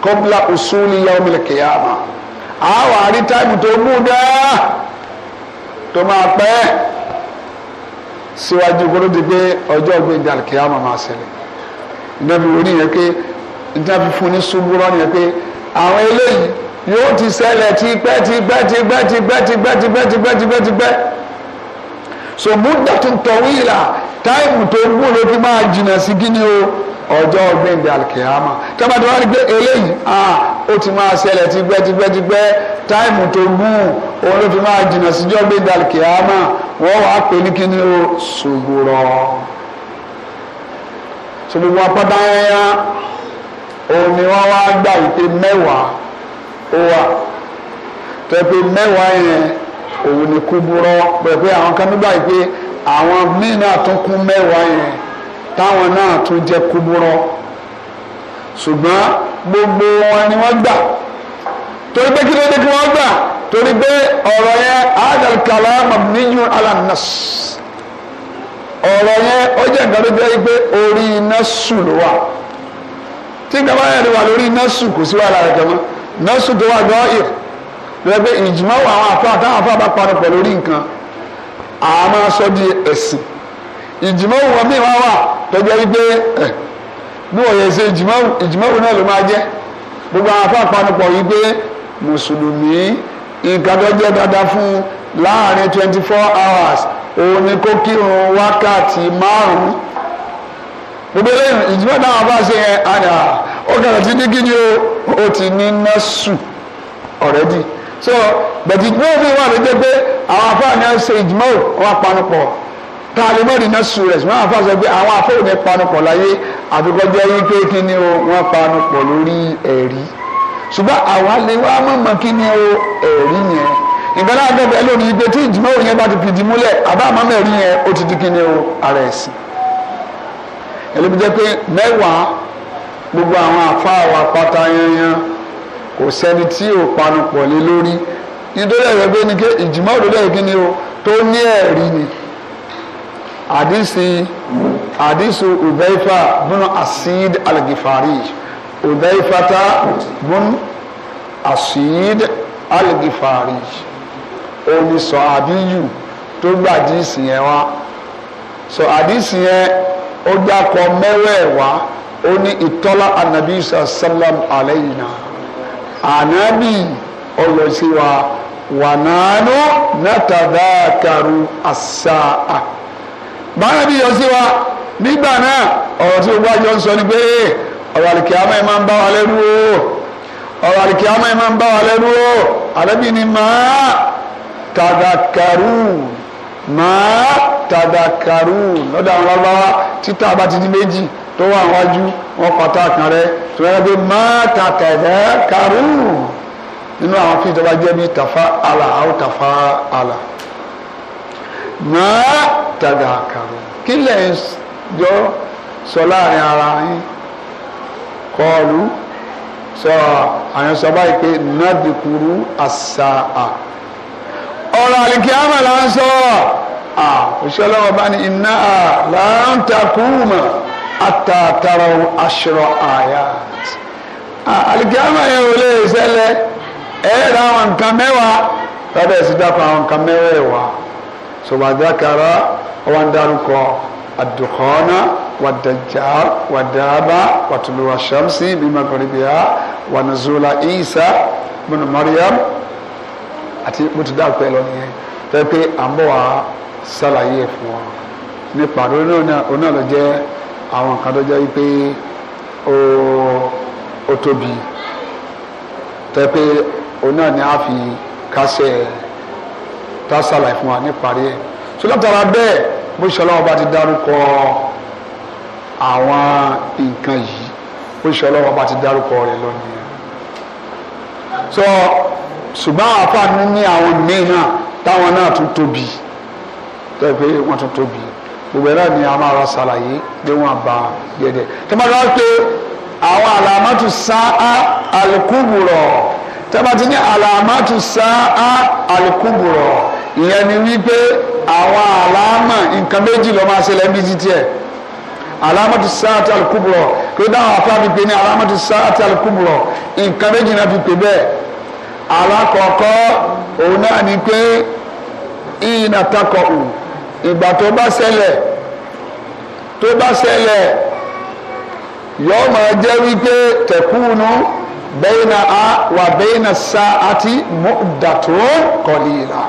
kọ́bla usuli yawmil qiyama àwa rí táìmù tó mú dáa tó máa pẹ́ síwájú kóró di pé ọjọ́ gbẹ̀dẹ̀ alikiyama máa ṣẹlẹ̀ nígbà tí wọ́n yẹn pé nígbà fún ní ṣubúrọ́ yẹn pé àwọn eléyìí yóò ti ṣẹlẹ̀ tipẹ́ tipẹ́ tipẹ́ tipẹ́ tipẹ́ tipẹ́ tipẹ́ tipẹ́ tipẹ́ so múdàtún tọ̀wíìlà táìmù tó gùn ló fi máa jìnnà sí gíní o ọjọ́ gbẹ̀ndẹ̀ alikiyama tẹ́mọ̀tò wọn ni pé eléyìí ó ti máa ṣẹlẹ̀ tipẹ́ tipẹ́ tipẹ́ táìmù tó gùn òun ló fi máa jìnnà síjọ́ gbẹ̀ndẹ̀ alikiyama wọ́n wàá pè ní kíní o ṣùgbùrọ̀ so gbogbo apá báyẹn òun ni wọ́n wá gbà ìpè mẹ́wàá. Wa, wà pẹ̀pẹ́ yẹn òun ni kúburọ́ pẹ̀pẹ́ àwọn kan yìí pé àwọn míì náà tún kún mẹ́wàá yẹn táwọn náà tún jẹ́ gbogbo wọn ni wọ́n gbà torí pé kí ló kí wọ́n gbà torí pé ọ̀rọ̀ yẹn àdàlùkàlà mọ̀míyún o ọ̀rọ̀ yẹn ó jẹ́ nǹkan tó jẹ́ pé orí iná sùn ló wà tí nǹkan yẹn nọ́ọ̀sù tó wà lọ́ọ́ ìr lọ́ọ́ pé ìjìmọ̀ wà àwọn àfa àtàwọn àfa bá parọ́ pọ̀ lórí nǹkan àá máa sọ di ẹ̀sìn ìjìmọ̀ wọn bí wọn wà tọ́jú ẹni pé ẹ̀ bí wọ́n yẹ ṣe ìjìmọ̀ wọn náà ló máa jẹ́ gbogbo àwọn àfa àpanu pọ̀ yìí pé mùsùlùmí nǹkan tó jẹ́ dáadáa fún láàrin twenty four hours òun ni kó kírun wákàtí márùn-ún gbogbo eléyìí ìjìmọ̀ náà bá ṣe yẹn àná ó kàrà tí ní gíní o ó ti ní násù ọ̀rẹ́dì so bẹ̀tì ìjìmọ̀ òfin wà ló jẹ́ pé àwọn afáà náà ṣe ìjìmọ̀ wọn panupọ̀ tá a lè mọ̀ ní násù rẹ̀ ṣùgbọ́n àwọn afáà sọ pé àwọn afáà ò ní panupọ̀ láyé àfikọ́jọ́ yín pé kí ni o wọ́n panupọ̀ lórí ẹ̀rí ṣùgbọ́n àwa lè wá mọ̀mọ́ kí ni o ẹ̀rí yẹn ìgbàlá àgbẹ̀bẹ̀ lónìí pé tí ìjìmọ̀ òyìn bá ti fìdí múlẹ̀ àbá àmọ́ mẹ́rin yẹn ó ti di kí ni o ara ẹ̀sìn ẹlẹ́bi jẹ́ pé mẹ́wàá gbogbo àwọn àfáà wa pátá yanyan kò sẹ́ni tí ò panu pọ̀ lé lórí nítorí ẹ̀rọ pé ní ké ìjìmọ̀ òdòdó yìí kíni o tó ní ẹ̀rí ni àdìsí àdìsí Udhaifa bun Asid al-Ghifari Udhaifata bun Asid al-Ghifari omi sọ àbíyù tó gbàdí ìsìn yẹn wá sọ àdìsí yẹn ó dákọ mẹ́wẹ̀ẹ̀wá ó ní ìtọ́lá ànàbí sallam àlẹ́yìnà ànábì ọ̀yọ̀ sí wa wànánú nàtàdákàrú àṣà báyọ̀ bí yọ sí wa nígbà náà ọ̀rọ̀ tí gbogbo àjọ ń sọ ni pé ọ̀rọ̀ àlìkè àmọ́ ẹ̀ máa ń bá wa lẹ́rú o ọ̀rọ̀ àlìkè àmọ́ ẹ̀ máa ń bá wa lẹ́rú o àlẹ́bí ni máa tàdákàrú máa tàdàkàrù lọ́dọ̀ àwọn lábáwá títà bá ti di méjì tó wà wájú wọn pàtó àkàn rẹ tó yẹ pé máa tàdàkàrù nínú àwọn fíìsì tó bá jẹ́ bí tàfa àlà àwọn tàfa àlà máa tàdàkàrù kí lẹ̀ ń jọ sọ láàrin ara yín kọlu sọ àyànṣọ báyìí pé nàbìkúrú àṣà à ọ̀rọ̀ àlìkíyàmà là ń sọ òṣìṣẹ́ lọ́wọ́ bá ní iná láǹtakùmà àtàtàrà aṣọ àyà àlìkíyàmà yẹn ò lè ṣẹlẹ̀ ẹ̀ẹ́dà àwọn nǹkan mẹ́wàá lábẹ́ ẹ̀sìn dápọ̀ àwọn nǹkan mẹ́wàá sọ̀bàdàkàrà ọwọ́ ń dárúkọ àdùkọ́nà wàdàjàr wàdàbà wàtúlùwàṣàmsì bímọ kọ̀rìbìà wànàzúlà ìsà bùnú àti bó ti dáàbò ẹ lọ nìyẹn fẹ́ pé à ń bọ̀ wá ṣàlàyé ẹ̀ fún wa nípa lórí náà ló jẹ́ àwọn nǹkan tó jẹ́ wípé ó tóbi tẹ́ pé òun náà ni a fi kásẹ̀ tá ṣàlàyé fún wa níparí ẹ̀ tó látara bẹ́ẹ̀ bó ṣe ọlọ́wọ́ ti dárúkọ àwọn nǹkan yìí bó ṣe ọlọ́wọ́ ti dárúkọ rẹ̀ lọ nìyẹn. so ṣùgbọ́n àwọn afáàní ní àwọn míì náà táwọn náà tún tóbi tẹ́ pé wọ́n tún tóbi gbogbo ẹ̀rọ ni a máa ra ṣàlàyé pé wọ́n bá gẹ̀dẹ̀ tẹ́mọ̀tà pé àwọn àlàmátù sáà àlùkùbùrọ̀ tẹ́mọ̀tà ní àlàmátù sáà àlùkùbùrọ̀ ìyẹn ni wípé àwọn àlàmà nǹkan méjì ló máa ṣẹlẹ̀ níbi títí ẹ̀ alamatu saati alikubulọ kí ló dáhùn afáàbí pé ní alamatu saati alikubulọ nǹkan méjì náà fi pè bẹ́ẹ̀ alákọ̀ọ́kọ́ òun náà ni pé ìyìnà takọ̀ ù ìgbà tó bá ṣẹlẹ̀ tó bá ṣẹlẹ̀ yóò máa jẹ́ wípé tẹ̀kùnú bẹ́ẹ̀nà a wà bẹ́ẹ̀nà sa àti mọ́dàtò kọ̀lìlà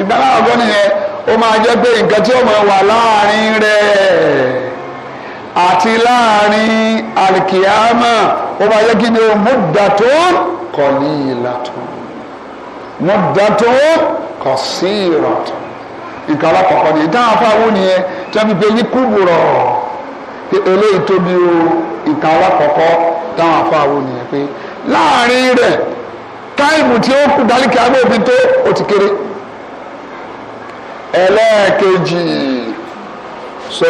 ìgbà náà ọgbọ́n nìyẹn ó máa jẹ́ pé nǹkan tí ó máa wà láàrin rẹ̀ àti láàrin alikiyama ó máa yẹ kí ni o muddatun qalilatun muddatun qasiratun nǹkan alákọ̀ọ́kọ́ ni ìtàn àfáwọn nìyẹn tí wọ́n fi pe yín kúburọ̀ pé eléyìí tóbi o nǹkan alákọ̀ọ́kọ́ táwọn àfáwọn nìyẹn pé láàrin rẹ̀ táìmù tí ó kù dálíkì agbófin tó ó ti kéré ẹlẹ́ẹ̀kejì so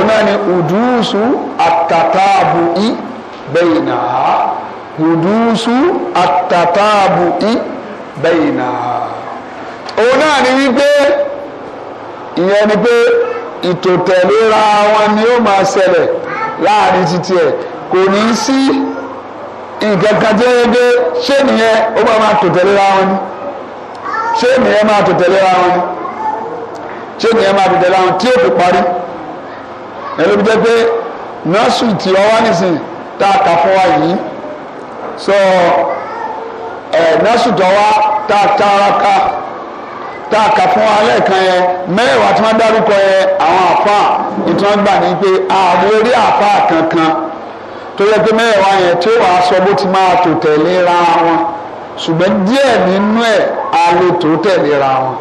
ona ni udusu atatabu'i bainaha udusu atatabu'i bainaha ona ni wípé ìyẹn ni pé ìtòtẹ̀léra wọn ni ó máa ṣẹlẹ̀ láàrin títí ẹ̀ kò ní sí nǹkan kan tí ó dé ṣé nìyẹn ó máa máa tòtẹ̀léra wọn ni ṣé nìyẹn máa tòtẹ̀léra wọn ni ṣé nìyẹn máa tòtẹ̀léra wọn tí ó fi parí ẹ̀rọ bí jẹ́ pé nọ́ọ̀sù tí wọ́n wá nísìn tá a kà fún wa yìí sọ ẹ̀ nọ́ọ̀sù tó wá tá a tára ká tá a kà fún wa lẹ́ẹ̀kan yẹn mẹ́wàá tí wọ́n dárúkọ yẹn àwọn àfa ìtàn gbà ní pé ààrẹ rí àfa kankan tó yẹ pé mẹ́wàá yẹn tí wàá sọ bó ti máa tò tẹ̀léra wọn ṣùgbọ́n díẹ̀ nínú ẹ̀ a lè tò tẹ̀léra wọn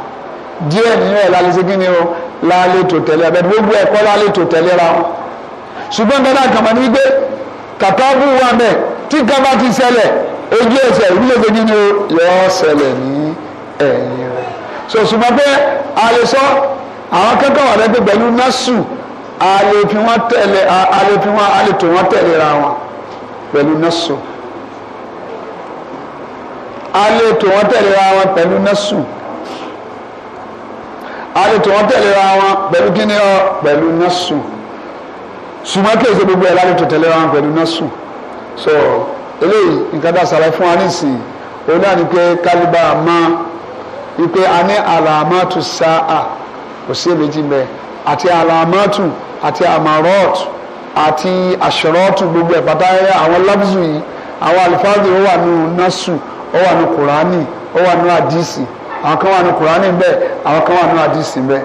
díẹ̀ nínú ẹ̀ la lè kí ni o lálétò tẹ̀lé abẹ́ni gbogbo ẹ̀kọ́ lálétò tẹ̀lé ra wọn ṣùgbọ́n gbọ́dọ̀ kàmá ní gbé kàtàbù bu wa tí nǹkan bá ti ṣẹlẹ̀ ojú ẹsẹ̀ ìdílé gbẹ̀gì ni yọ ṣẹlẹ̀ ní ẹ̀yìn rẹ̀ so ṣùgbọ́n pé a lè sọ àwọn kẹ́kọ̀ọ́ wà lẹ́gbẹ̀ẹ́ pẹ̀lú násù a lè fi wọ́n tẹ̀lé a lè fi wọ́n a lè tò wọn pẹ̀lú násù a lè wọn pẹ̀lú násù a lè tó wọn wọn pẹ̀lú kíni ọ pẹ̀lú nọ́ọ̀sù ṣùgbọ́n kí èso gbogbo ẹ̀ la lè wọn so eléyìí nǹkan tá a sàlàyé fún wa nísìnyí òun náà ni pé kálíbà ni pé a ní àlàmátù sáà kò sí èméjì amatu àti àlàmátù àti gbogbo pátá àwọn yìí àwọn ó wà nù ó wà nù kùránì ó àwọn kan wà ní kùránì ń bẹ àwọn kan wà ní àdìsí ń bẹ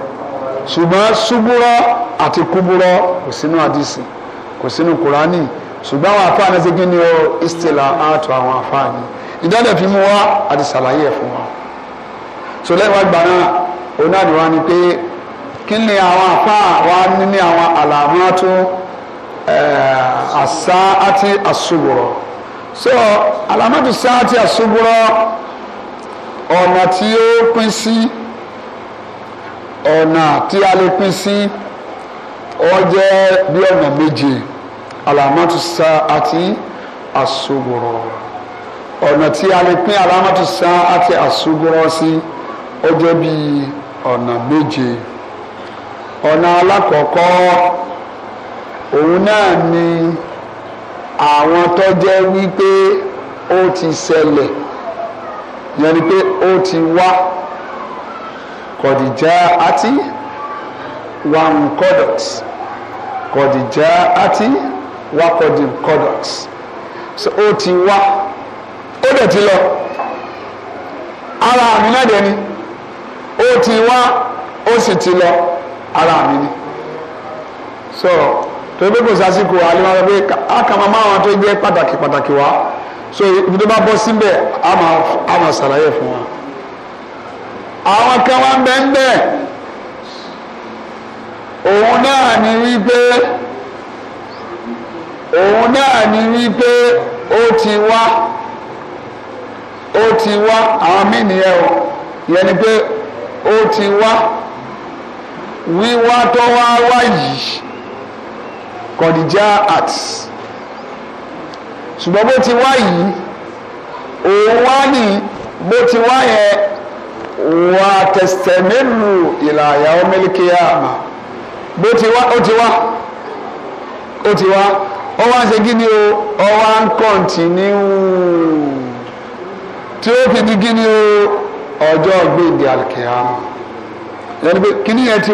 ṣùgbọ́n ṣubúrọ́ àti kúbúrọ́ kò sínú àdìsí kò sínú kùránì ṣùgbọ́n àwọn afáàní ṣe gíní o ìstìlà àtọ̀ àwọn afáàní ìdájọ́ fi mú wá àti ṣàlàyé ẹ̀ fún wa. so lẹ́wọ̀n àgbà náà òun náà ni wá ni pé kí ni àwọn afáà wa níní àwọn àlàmọ́ tó àṣà àti àṣubùrọ̀ so àlàmọ́ tó ṣáà àti àṣubùrọ̀ ọ̀nà tí ó pín sí ọ̀nà tí a lè pín sí ó jẹ́ bí ọ̀nà méje alamatusa àti asogoro ọ̀nà tí a lè pín alamatusa àti asogoro sí ó jẹ́ bí ọ̀nà méje ọ̀nà alákọ̀ọ́kọ́ òun náà ni àwọn tó jẹ́ wípé ó ti ṣẹlẹ̀ yẹn ni pé ó ti wá kọ̀dìjà àti wàǹkọ̀dọ̀t kọ̀dìjà àti wàkọ̀dìkọ̀dọ̀t so ó ti wá ó dẹ̀ ti lọ ara àmì náà dẹ̀ ni ó ti wá ó sì ti lọ ara àmì ni so torí pé kò sásìkò àlè wọn lọ pé a kà máa máa wọn tó gbé pàtàkì pàtàkì wá. so ibi tó bá bọ́ síbẹ̀ ama máa fún wa àwọn kan wá ń òun náà ni wípé òun náà ti wá ó ti o yẹn ni pé ó ti wá wíwá tó wá wá yìí ṣùgbọ́n bó ti wá yìí òun wá ní bó ti wá yẹn wà tẹ̀sítẹ̀ nílùú ìlàyà ọmọlẹ́kẹ́yà àmà bó ti wá ti wá ó wá ṣe gíní o ó wá ń tí o ọjọ́ gbèdé pé kíní yẹn ti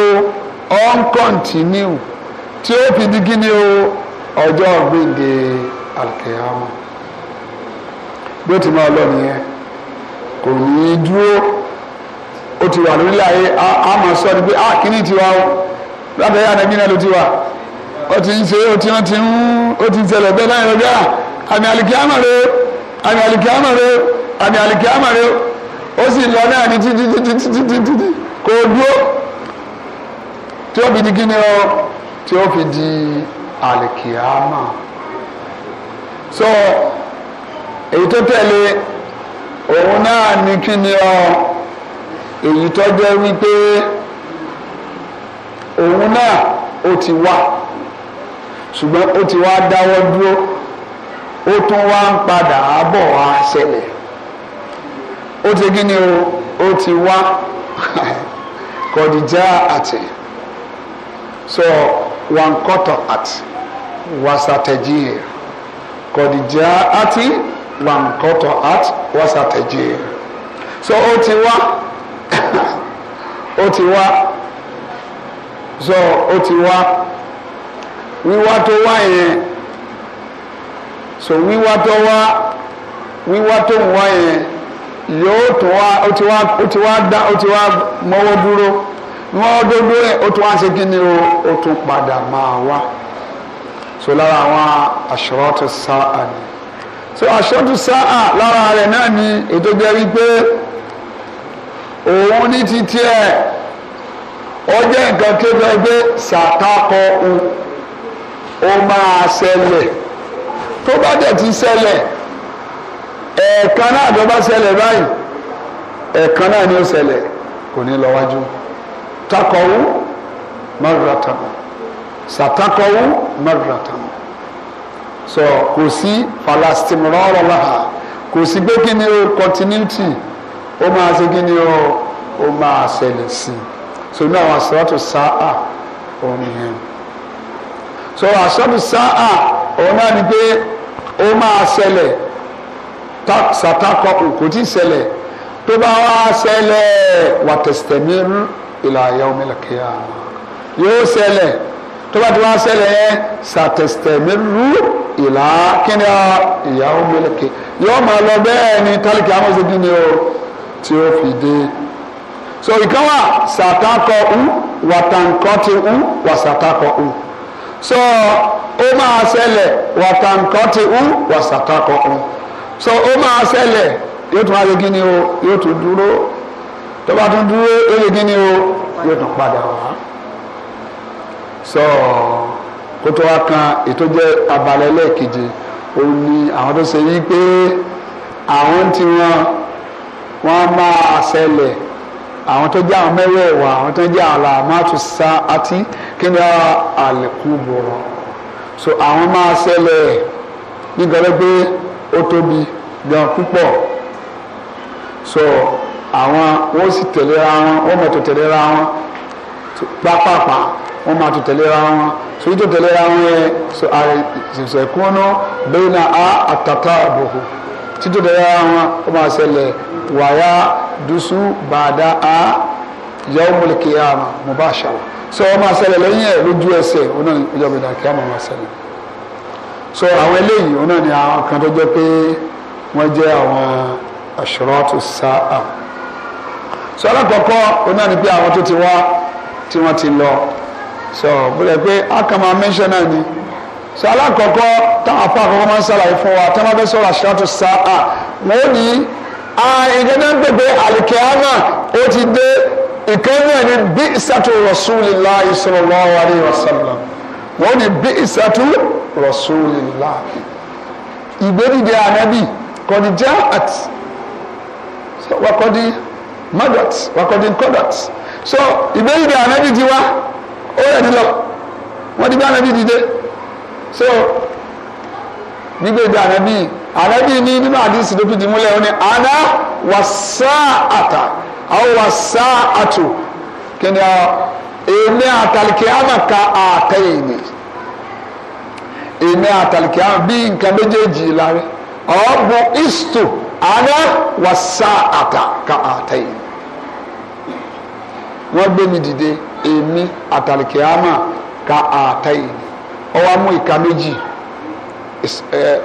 o on continue tí ó fi di kíni o ọjọ́ gbèdé alkeyama bí ó ti máa lọ nìyẹn kò ní í dúró ó ti wà lórílẹ̀ ayé a máa sọ ni pé a ah, kíní ti wá o látàrí àdàbí náà ló ti wà ó ti ń ṣe ó ti ń ó ti ń ṣẹlẹ̀ bẹ́ẹ̀ láyé lọ́jọ́ àmì alkeyama rẹ àmì alkeyama rẹ àmì alkeyama rẹ ó sì lọ náà ní títí títí títí kò dúró tí ó fi di kíni o tí ó fi di àlìkìámà so èyí tó tẹ̀lé òun náà ní kíni o èyí tó jẹ́ wípé òun náà ó ti wà ṣùgbọ́n ó ti wá dáwọ́ dúró ó tún wá ń padà bọ̀ wá ṣẹlẹ̀ ó ti kíni o ó ti wá kọ̀dìjà àtẹ̀ so wankọtọat wasatẹjie kọdijaati wankọtọat wasatẹjie so ó ti wá ó ti wá so ó ti wá wíwá tó wá yẹn so wíwá tó wá wíwá tó ń wá yẹn yóò tó wá ó ti wá ó ti wá dá ó ti wá mọ́wọ́ dúró wọ́n dódó ẹ̀ ó tún wá ṣe kí ni o ó tún padà máa wá so lára àwọn àṣọrọ́tù sáà ni so àṣọrọ́tù sáà lára rẹ̀ náà ni ètò jẹ́ wípé òun ní títí ẹ̀ ó jẹ́ nǹkan kékeré pé ṣàtàkọ o ó máa ṣẹlẹ̀ tó bá dẹ̀ ti ṣẹlẹ̀ ẹ̀ẹ̀kan náà tó bá ṣẹlẹ̀ báyìí ẹ̀ẹ̀kan náà ni ó ṣẹlẹ̀ kò ní lọ wájú. sàtàkọ̀wù mọ́rọ̀tàn sàtàkọ̀wù mọ́rọ̀tàn sọ kò sí falastimrọ́rọ̀ láha kò sí kí ni o continuity ó máa kí ni o ó máa so ní àwọn sáà òun so àṣírọ́tò sáà òun náà ni pé ó máa ṣẹlẹ̀ sàtàkọ̀wù kò tí ì tó bá wá ìlà ayé omi lẹ́kẹ́yà yóò ṣẹlẹ̀ tó bá ti wá ṣẹlẹ̀ yẹn ṣàtẹ̀sítẹ̀ mi rú ìlà kíni ìyá omi lẹ́kẹ́ yóò máa lọ bẹ́ẹ̀ ni tálíkì amọ̀sẹ̀ kí ni o tí ó fi dé so ìkan wà ṣàtàkọ ń wàtàǹkọ ti ń wà ṣàtàkọ ń so ó máa ṣẹlẹ̀ wàtàǹkọ ti ń wà ṣàtàkọ ń so ó máa ṣẹlẹ̀ yóò tún wáyé kí o yóò tún dúró tó bá tún dúró ó lè kí ni o yóò tún padà wá sọ kó tó wá kan ètò jẹ́ abalẹ̀ ẹlẹ́ẹ̀keje ó ní àwọn tó ṣe yí pé àwọn tí wọn wọn máa ṣẹlẹ̀ àwọn tó jẹ́ àwọn mẹ́wẹ̀ẹ̀wá àwọn tó jẹ́ àlà àmàtú àti kí ni bọrọ so àwọn máa ṣẹlẹ̀ nígbà pé ó tóbi gan púpọ̀ so àwọn wọ́n sì tẹ̀lé ra wọn wọ́n mọ̀ tó tẹ̀lé ra wọn pápápá wọ́n máa tó tẹ̀lé ra wọn sórí tó tẹ̀lé ra wọn yẹn so àìsèsè kúnná bẹ́ẹ̀ na a àtàtà àbùkù títò tẹ̀lé ra wọn ó máa ṣẹlẹ̀ wàyà dùsù bàdà a yàwó mọ̀lẹ́kì yà mà mo bá ṣàwọ̀ so ó máa ṣẹlẹ̀ lẹ́yìn ẹ̀ lójú ẹsẹ̀ ó náà ìjọba ìdá kí á máa ṣẹlẹ̀ so àwọn eléyìí ó náà ni àwọn kan tó jẹ́ pé wọ́n jẹ́ àwọn àṣùrọ̀ tó àwọn so alákọ̀ọ́kọ́ oná ni pé àwọn tó ti wá tí wọ́n ti lọ so bóyá pé a kàn máa mẹ́ṣọ́ náà ni so alákọ̀ọ́kọ́ táwọn apá àkọ́kọ́ máa ń ṣàlàyé fún wa táwọn abẹ́ sọ̀rọ̀ àṣírátù sáà wọ́n ní ìgbẹ́dẹ́ gbègbè àlìkẹ́hánà ó ti dé ìkẹ́ni ẹni bí ìsàtú Rasulillah sallallahu alaihi wasallam wọ́n ní bí ìsàtú Rasulillah ìgbẹ́dìde ànábì kọ́ni jẹ́ àti wakọ́dí. So, magat wakọdin kọdat so ìbéèrè bí anabi ti wá ó rẹ̀ nílọ wọ́n ti gbé anabi dìde so nígbè bí anabi anabi ní nínú àdìsí tó fi di múlẹ̀ ó ní ana wàsá àtà àwọn wàsá àtò kìnìà èmi àtàlìkẹ́ àmàkà àtẹ̀yìn ni èmi àtàlìkẹ́ àmà bí nǹkan méjèèjì lára ọ̀bùn isto ana wàsá àtà kà àtẹ̀yìn wọ́n gbé mi dìde èmi àtàlìkìámà ka àtà yìí ọwọ́ mú ìka méjì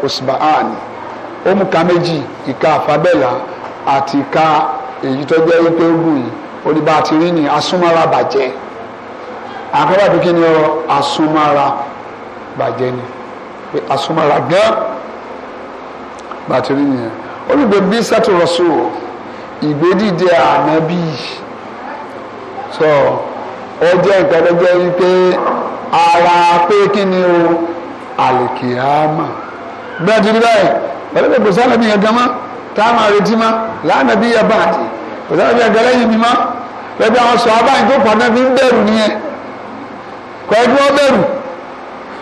osùbàán ó mú ìka méjì ìka àfàbẹ́là àti ìka èyí tó jẹ́ wípé ó gùn yìí oníbà àti rí ni asúnmọ́ra bàjẹ́ àkọ́bà pé kí ni ọ asúnmọ́ra bàjẹ́ ni pé asúnmọ́ra gán bàtí rí nìyẹn olùgbé bí sẹ́tù rọ̀ṣù ìgbédìde ànábì yìí so ó jẹ́ nǹkan tó jẹ́ wípé ara pé kí ni o àlìkìyàmà bẹ́ẹ̀ ti rí báyìí pẹ̀lú pé gbèsè àlẹ́ yẹn gan mọ́ tá a máa retí mọ́ lánàá bí yẹn bá àdì gbèsè àlẹ́ mi yẹn gan lẹ́yìn mi mọ́ lẹ́bí àwọn sọ abáyé tó pàdé fi ń bẹ̀rù nìyẹn kọ́ ẹ bí wọ́n bẹ̀rù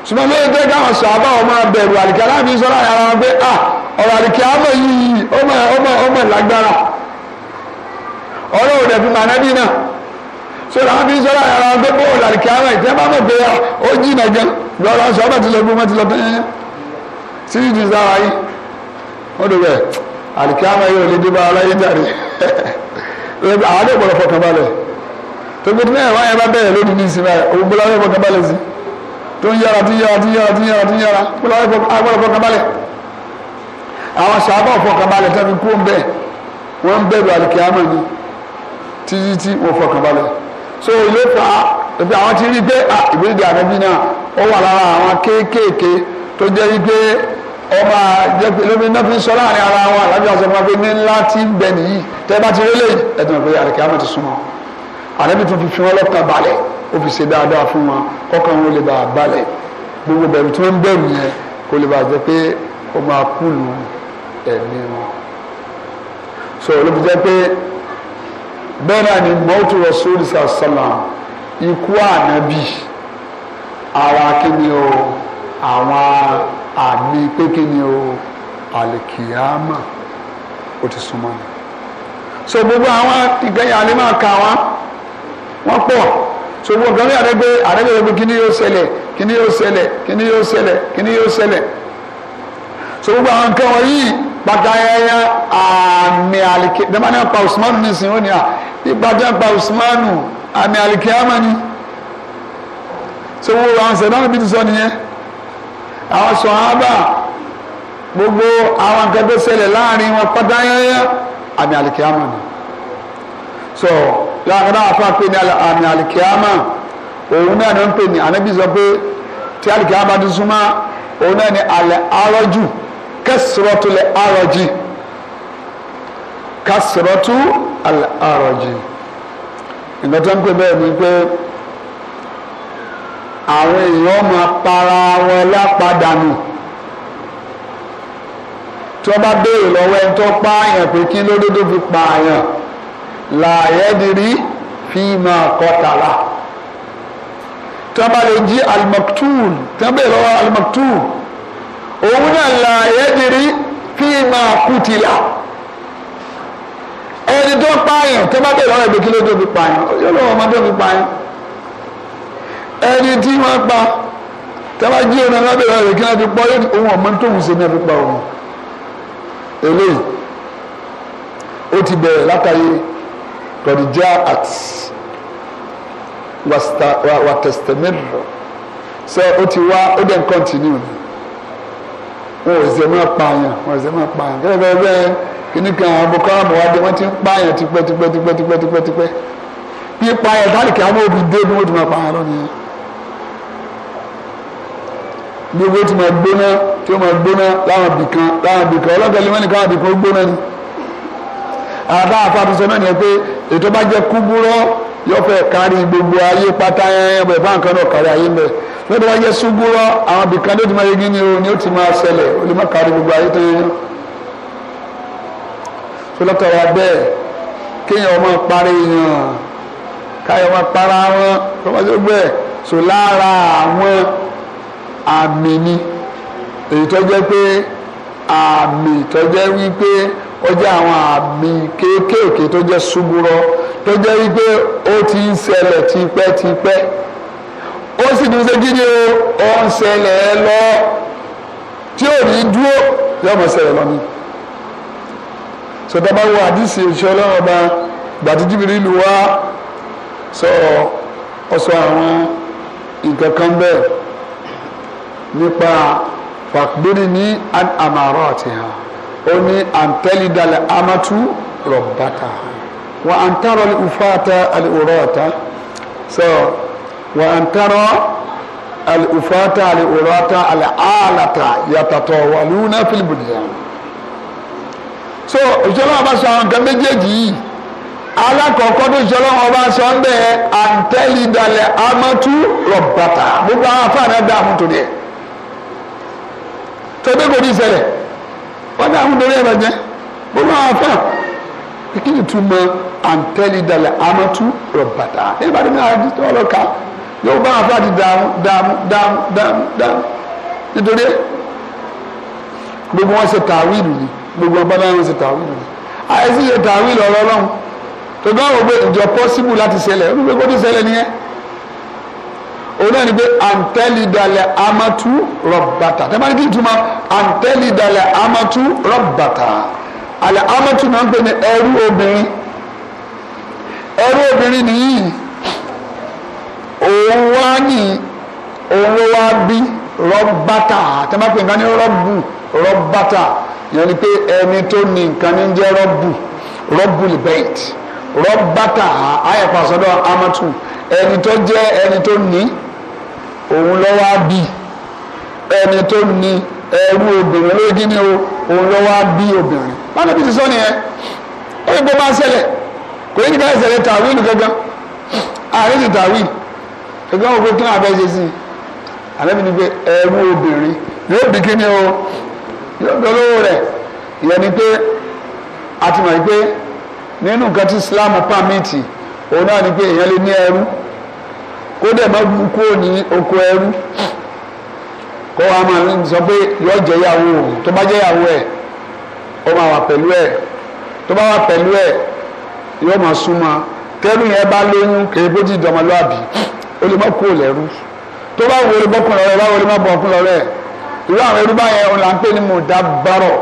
ṣùgbọ́n lóye jẹ́ káwọn sọ abáwọ̀ máa bẹ̀rù àlìkìyàmà mi sọ́ra ara wọn pé ah ọ̀rọ̀ àlìkìyàmà yìí ó mọ̀ lágbára ọlọ́run dẹ̀ fi mànẹ́bí náà so làwọn fi ń sọ́ra ẹ̀rọ pé bóòlù àdìkẹ́ àwọn ìtẹ́ bá mọ̀ pé ó jìnà gan lọ́la sọ ọba ti lọ gbó wọn ti lọ tán yẹn títí di sára yìí wọ́n dò bẹ́ẹ̀ àdìkẹ́ àwọn yóò lè dé bá aláyé jáde àwọn àdé gbọ́dọ̀ fọkàn balẹ̀ tó gbé tí náà wáyé bá bẹ̀rẹ̀ lódì ní ìsinmi rẹ̀ òun gbọ́dọ̀ fọkàn balẹ̀ sí tó ń yára tí yára tí yára tí yára tí yára gbọ́dọ̀ fọkàn balẹ̀ àwọn sàbọ̀ fọkàn balẹ̀ tàbí kú ń bẹ̀ wọ́n ń bẹ̀rù àdìkẹ́ àwọn ni títí tí wọ́n fọkàn balẹ̀ so ló fà á pé àwọn ti a i pé ìgbéga ànábì náà ó wà lára àwọn kéékèèké tó jẹ́ wípé ọba jẹ́pé lómi náà fi ń sọ láàrin ara wọn àlábì àti ọmọ pé ní ńlá ti ń bẹ nìyí tẹ́ bá ti rí lè ẹ̀dùn pé àrẹ̀kẹ́ àmọ́ ti súnmọ́ ànábì tó fi fi wọn lọ́kàn balẹ̀ ó fi ṣe dáadáa fún wọn kọ́kàn wọn lè bá a balẹ̀ gbogbo bẹ̀rù tí wọ́n ń bẹ̀rù yẹn kó lè bá a jẹ́ pé ó máa kúlù ẹ̀mí wọn so ló pé bẹ́ẹ̀ náà ni mọ́tò rọ̀ṣọ́lì sàṣọ́là ikú ànábì ara kíni o àwọn àmì pé kíni o àlìkìyàmà ó ti súnmọ́ ni. so gbogbo àwọn ìgbẹ́yà lè máa kà wá wọ́n pọ̀ so gbogbo nǹkan ní àdẹ́gbẹ́ àdẹ́gbẹ́ gbogbo kíni yóò ṣẹlẹ̀ kíni yóò ṣẹlẹ̀ kíni yóò ṣẹlẹ̀ kíni yóò ṣẹlẹ̀ so gbogbo àwọn nǹkan wọ̀nyí pátáyáyá àmì àlìkè dẹ́gbàdé pa usman nísìn ó ní à ìgbàdé pa usman àmì àlìkè àmà ni tó wo àwọn sẹ̀dá níbi tí sọ nìyẹn àwọn sọ̀hábà gbogbo àwọn nǹkan tó ṣẹlẹ̀ láàrin wọn pátáyáyá àmì àlìkè àmà ni so láàrin àwọn afá pé ní àmì àlìkè àmà òun náà ló ń pè ní ànábì sọ pé tí àlìkè àmà ti súnmọ́ òun náà ní àlẹ́ àrọ́jù kẹsìrọ́tù lẹ àrọ̀jì kẹsìrọ́tù lẹ àrọ̀jì nǹkan tó ń pè bẹ́ẹ̀ ni pé àwọn èèyàn máa para wọn lápadànù tí wọ́n bá béèrè lọ́wọ́ ẹni tó pààyàn pé kí ló dédé fi pààyàn làyẹ́dìrí fi máa kọtàlá tí wọ́n bá lè jí alimaktul tí wọ́n béèrè lọ́wọ́ alimaktul òun náà là yẹ́dìrí fi máa kú ti là ẹni tó pààyàn tó bá bẹ̀rẹ̀ lọ́rọ̀ ìgbé kí ló dóbi pààyàn yóò lọ́wọ́ ọmọ dóbi pààyàn ẹni tí wọ́n pa tó bá jí ọ̀nà lábẹ́ lọ́rọ̀ ìgbé kí wọ́n fi pọ́ ohun ọ̀mọ́ tó wù sí ní ẹ̀fí pa òun eléyìí ó ti bẹ̀rẹ̀ látàrí kọ̀díjà at wàtẹ̀sítẹ̀mẹ́rọ̀ sọ ó ti wá ó dẹ̀ ń kọ́ntínú wọn ò ṣe máa pààyàn wọn ò ṣe máa pààyàn kẹ́lẹ́ bẹ́ẹ̀ bẹ́ẹ̀ kíní kan àwọn boko haram wá dé wọ́n ti ń pààyàn tipẹ́ tipẹ́ tipẹ́ tipẹ́ tipẹ́ tipẹ́ pípa ẹ̀ dáríkì àwọn òbí dé bí wọ́n ti máa pààyàn lónìí bí owó ti máa gbóná tí ó máa gbóná láwọn bìkan láwọn bìkan ọlọ́gẹ̀lẹ́ mẹ́rin káwọn bìkan ó gbóná ni àbá àfàtúnṣe náà nìyẹn pé ètò bá jẹ kúbúrọ́ yọ fẹ́ kárí gbogbo ayé pátá ẹ̀ ẹ̀ bá nǹkan náà kárí ayé mẹ́rin lọ́dọ̀ wáyé ṣúgbúrọ́ àwọn abìkan ló ti máa yegi ni o ni ó ti máa ṣẹlẹ̀ o lè má kárí gbogbo ayé tó yẹ tó lọ́tọ̀ọ̀rọ̀ abẹ́ẹ̀ kéèyàn ọmọ parí yàn káyọ̀ ọmọ para wọn tó wọ́n ṣe lára àwọn àmì ni èyí tó jẹ́ pé àmì tó jẹ́ wípé ó jẹ́ àwọn àmì kéékèèké tó jẹ́ ṣúgbúrọ́ tó jẹ́ wípé ó ti ń ṣẹlẹ̀ tipẹ́tipẹ́ ó sì ní ṣe gíní o ó ń ṣẹlẹ̀ lọ tí ò ní dúró yóò mọ̀ ṣẹlẹ̀ lọ ni. sọ̀tà bá wo àdìsí ìṣẹ́ ọlọ́run ọba gbàtí jìbìrì lù wá sọ ọ̀sọ̀ àwọn nǹkan kan bẹ́ẹ̀ nípa fàkbírì ní àmàrọ̀ àti hàn ó ní àǹtẹ́lídàlẹ̀ amatu rọ̀bàtà wà àǹtàrọ̀ ìfáàtà àlùrọ̀ àtà sọ. So, wà á ń tẹ́rọ alùfáàtà alùwòrátà alàálàtà yàtàtọ̀ so òṣèlú ọba sọ àwọn nǹkan méjèèjì yìí alákọ̀ọ́kọ́ tó ṣe ọlọ́run ọba sọ ń bẹ́ẹ̀ àǹtẹ́lídàlẹ̀ amọ́tú rọ̀bàtà gbogbo àwọn afáàná dá àwọn torí ẹ̀ tọ́gbẹ́ kò ní ìṣẹ̀lẹ̀ wọ́n dá àwọn torí ẹ̀ bàjẹ́ gbogbo àwọn afáà kí túmọ̀ àǹtẹ́lídàlẹ̀ amọ́tú rọ̀bàtà ẹ̀ bá dé ní àdìsọ́ ọlọ́ka yóò bá àfa ti dààmú dààmú dààmú dààmú dààmú nítorí gbogbo wọn ṣe tàwíìlù ni gbogbo ọba náà wọn ṣe tàwíìlù ni àìsí ṣe tàwíìlù ọ̀rọ̀ ọlọ́run tó bá wò pé ìjọ pọ́síbù láti ṣẹlẹ̀ ó ní pé kó tó ṣẹlẹ̀ nìyẹn òun náà ni pé àǹtẹ́lidàlẹ̀ amatu rọ̀bàtà tẹ́ bá ní kí n túmọ̀ àǹtẹ́lidàlẹ̀ amatu rọ̀bàtà àlẹ́ amatu náà ń pè ní ẹrú obìnrin ẹrú obìnrin nìyí òun wá ní òun ló wá bí rọ́bátà àtẹ́mápẹ́ nǹkan ní rọ́bù rọ́bátà yẹn ni pé ẹni tó ní nǹkan ní jẹ́ rọ́bù rọ́bù libet rọ́bátà ayẹ̀pọ̀ àsọdọ̀ amatu ẹni tó jẹ́ ẹni tó ní òun ló wá bí ẹni tó ní ẹrú obìnrin lóògì ni òun ló wá bí obìnrin lọ́nà bí ti sọ nìyẹn ó yẹ kó bá ṣẹlẹ̀ kò yẹ kí ká ṣẹlẹ̀ tàwí nìkankan àárín ti tàwí ẹgbẹ́ wọn pé kí náà bẹ́ẹ̀ ṣe sí i àlẹ́ mi ni pé ẹrú obìnrin yóò di kíni o yóò di olówó rẹ̀ ìyẹn ni pé a ti pé nínú nǹkan tí Islam pàmìtì òun náà ni pé èèyàn lè ní ẹrú kó dẹ̀ má mú kúrò ní oko ẹrú kó wa máa sọ pé yóò jẹ́ ìyàwó òun tó bá jẹ́ ìyàwó ẹ̀ ó máa wà pẹ̀lú ẹ̀ tó bá wà pẹ̀lú ẹ̀ yóò máa súnmọ́ tẹ́rù yẹn bá lóyún kì í bójú o lè má kú ò lẹ́rú tó bá wọlé bọ́kùn lọ́rẹ́ bá wọlé má bọ̀ ọkùn lọ́rẹ́ ìlú àwọn ẹrú báyẹn òun là ń pè ní mùdábárọ̀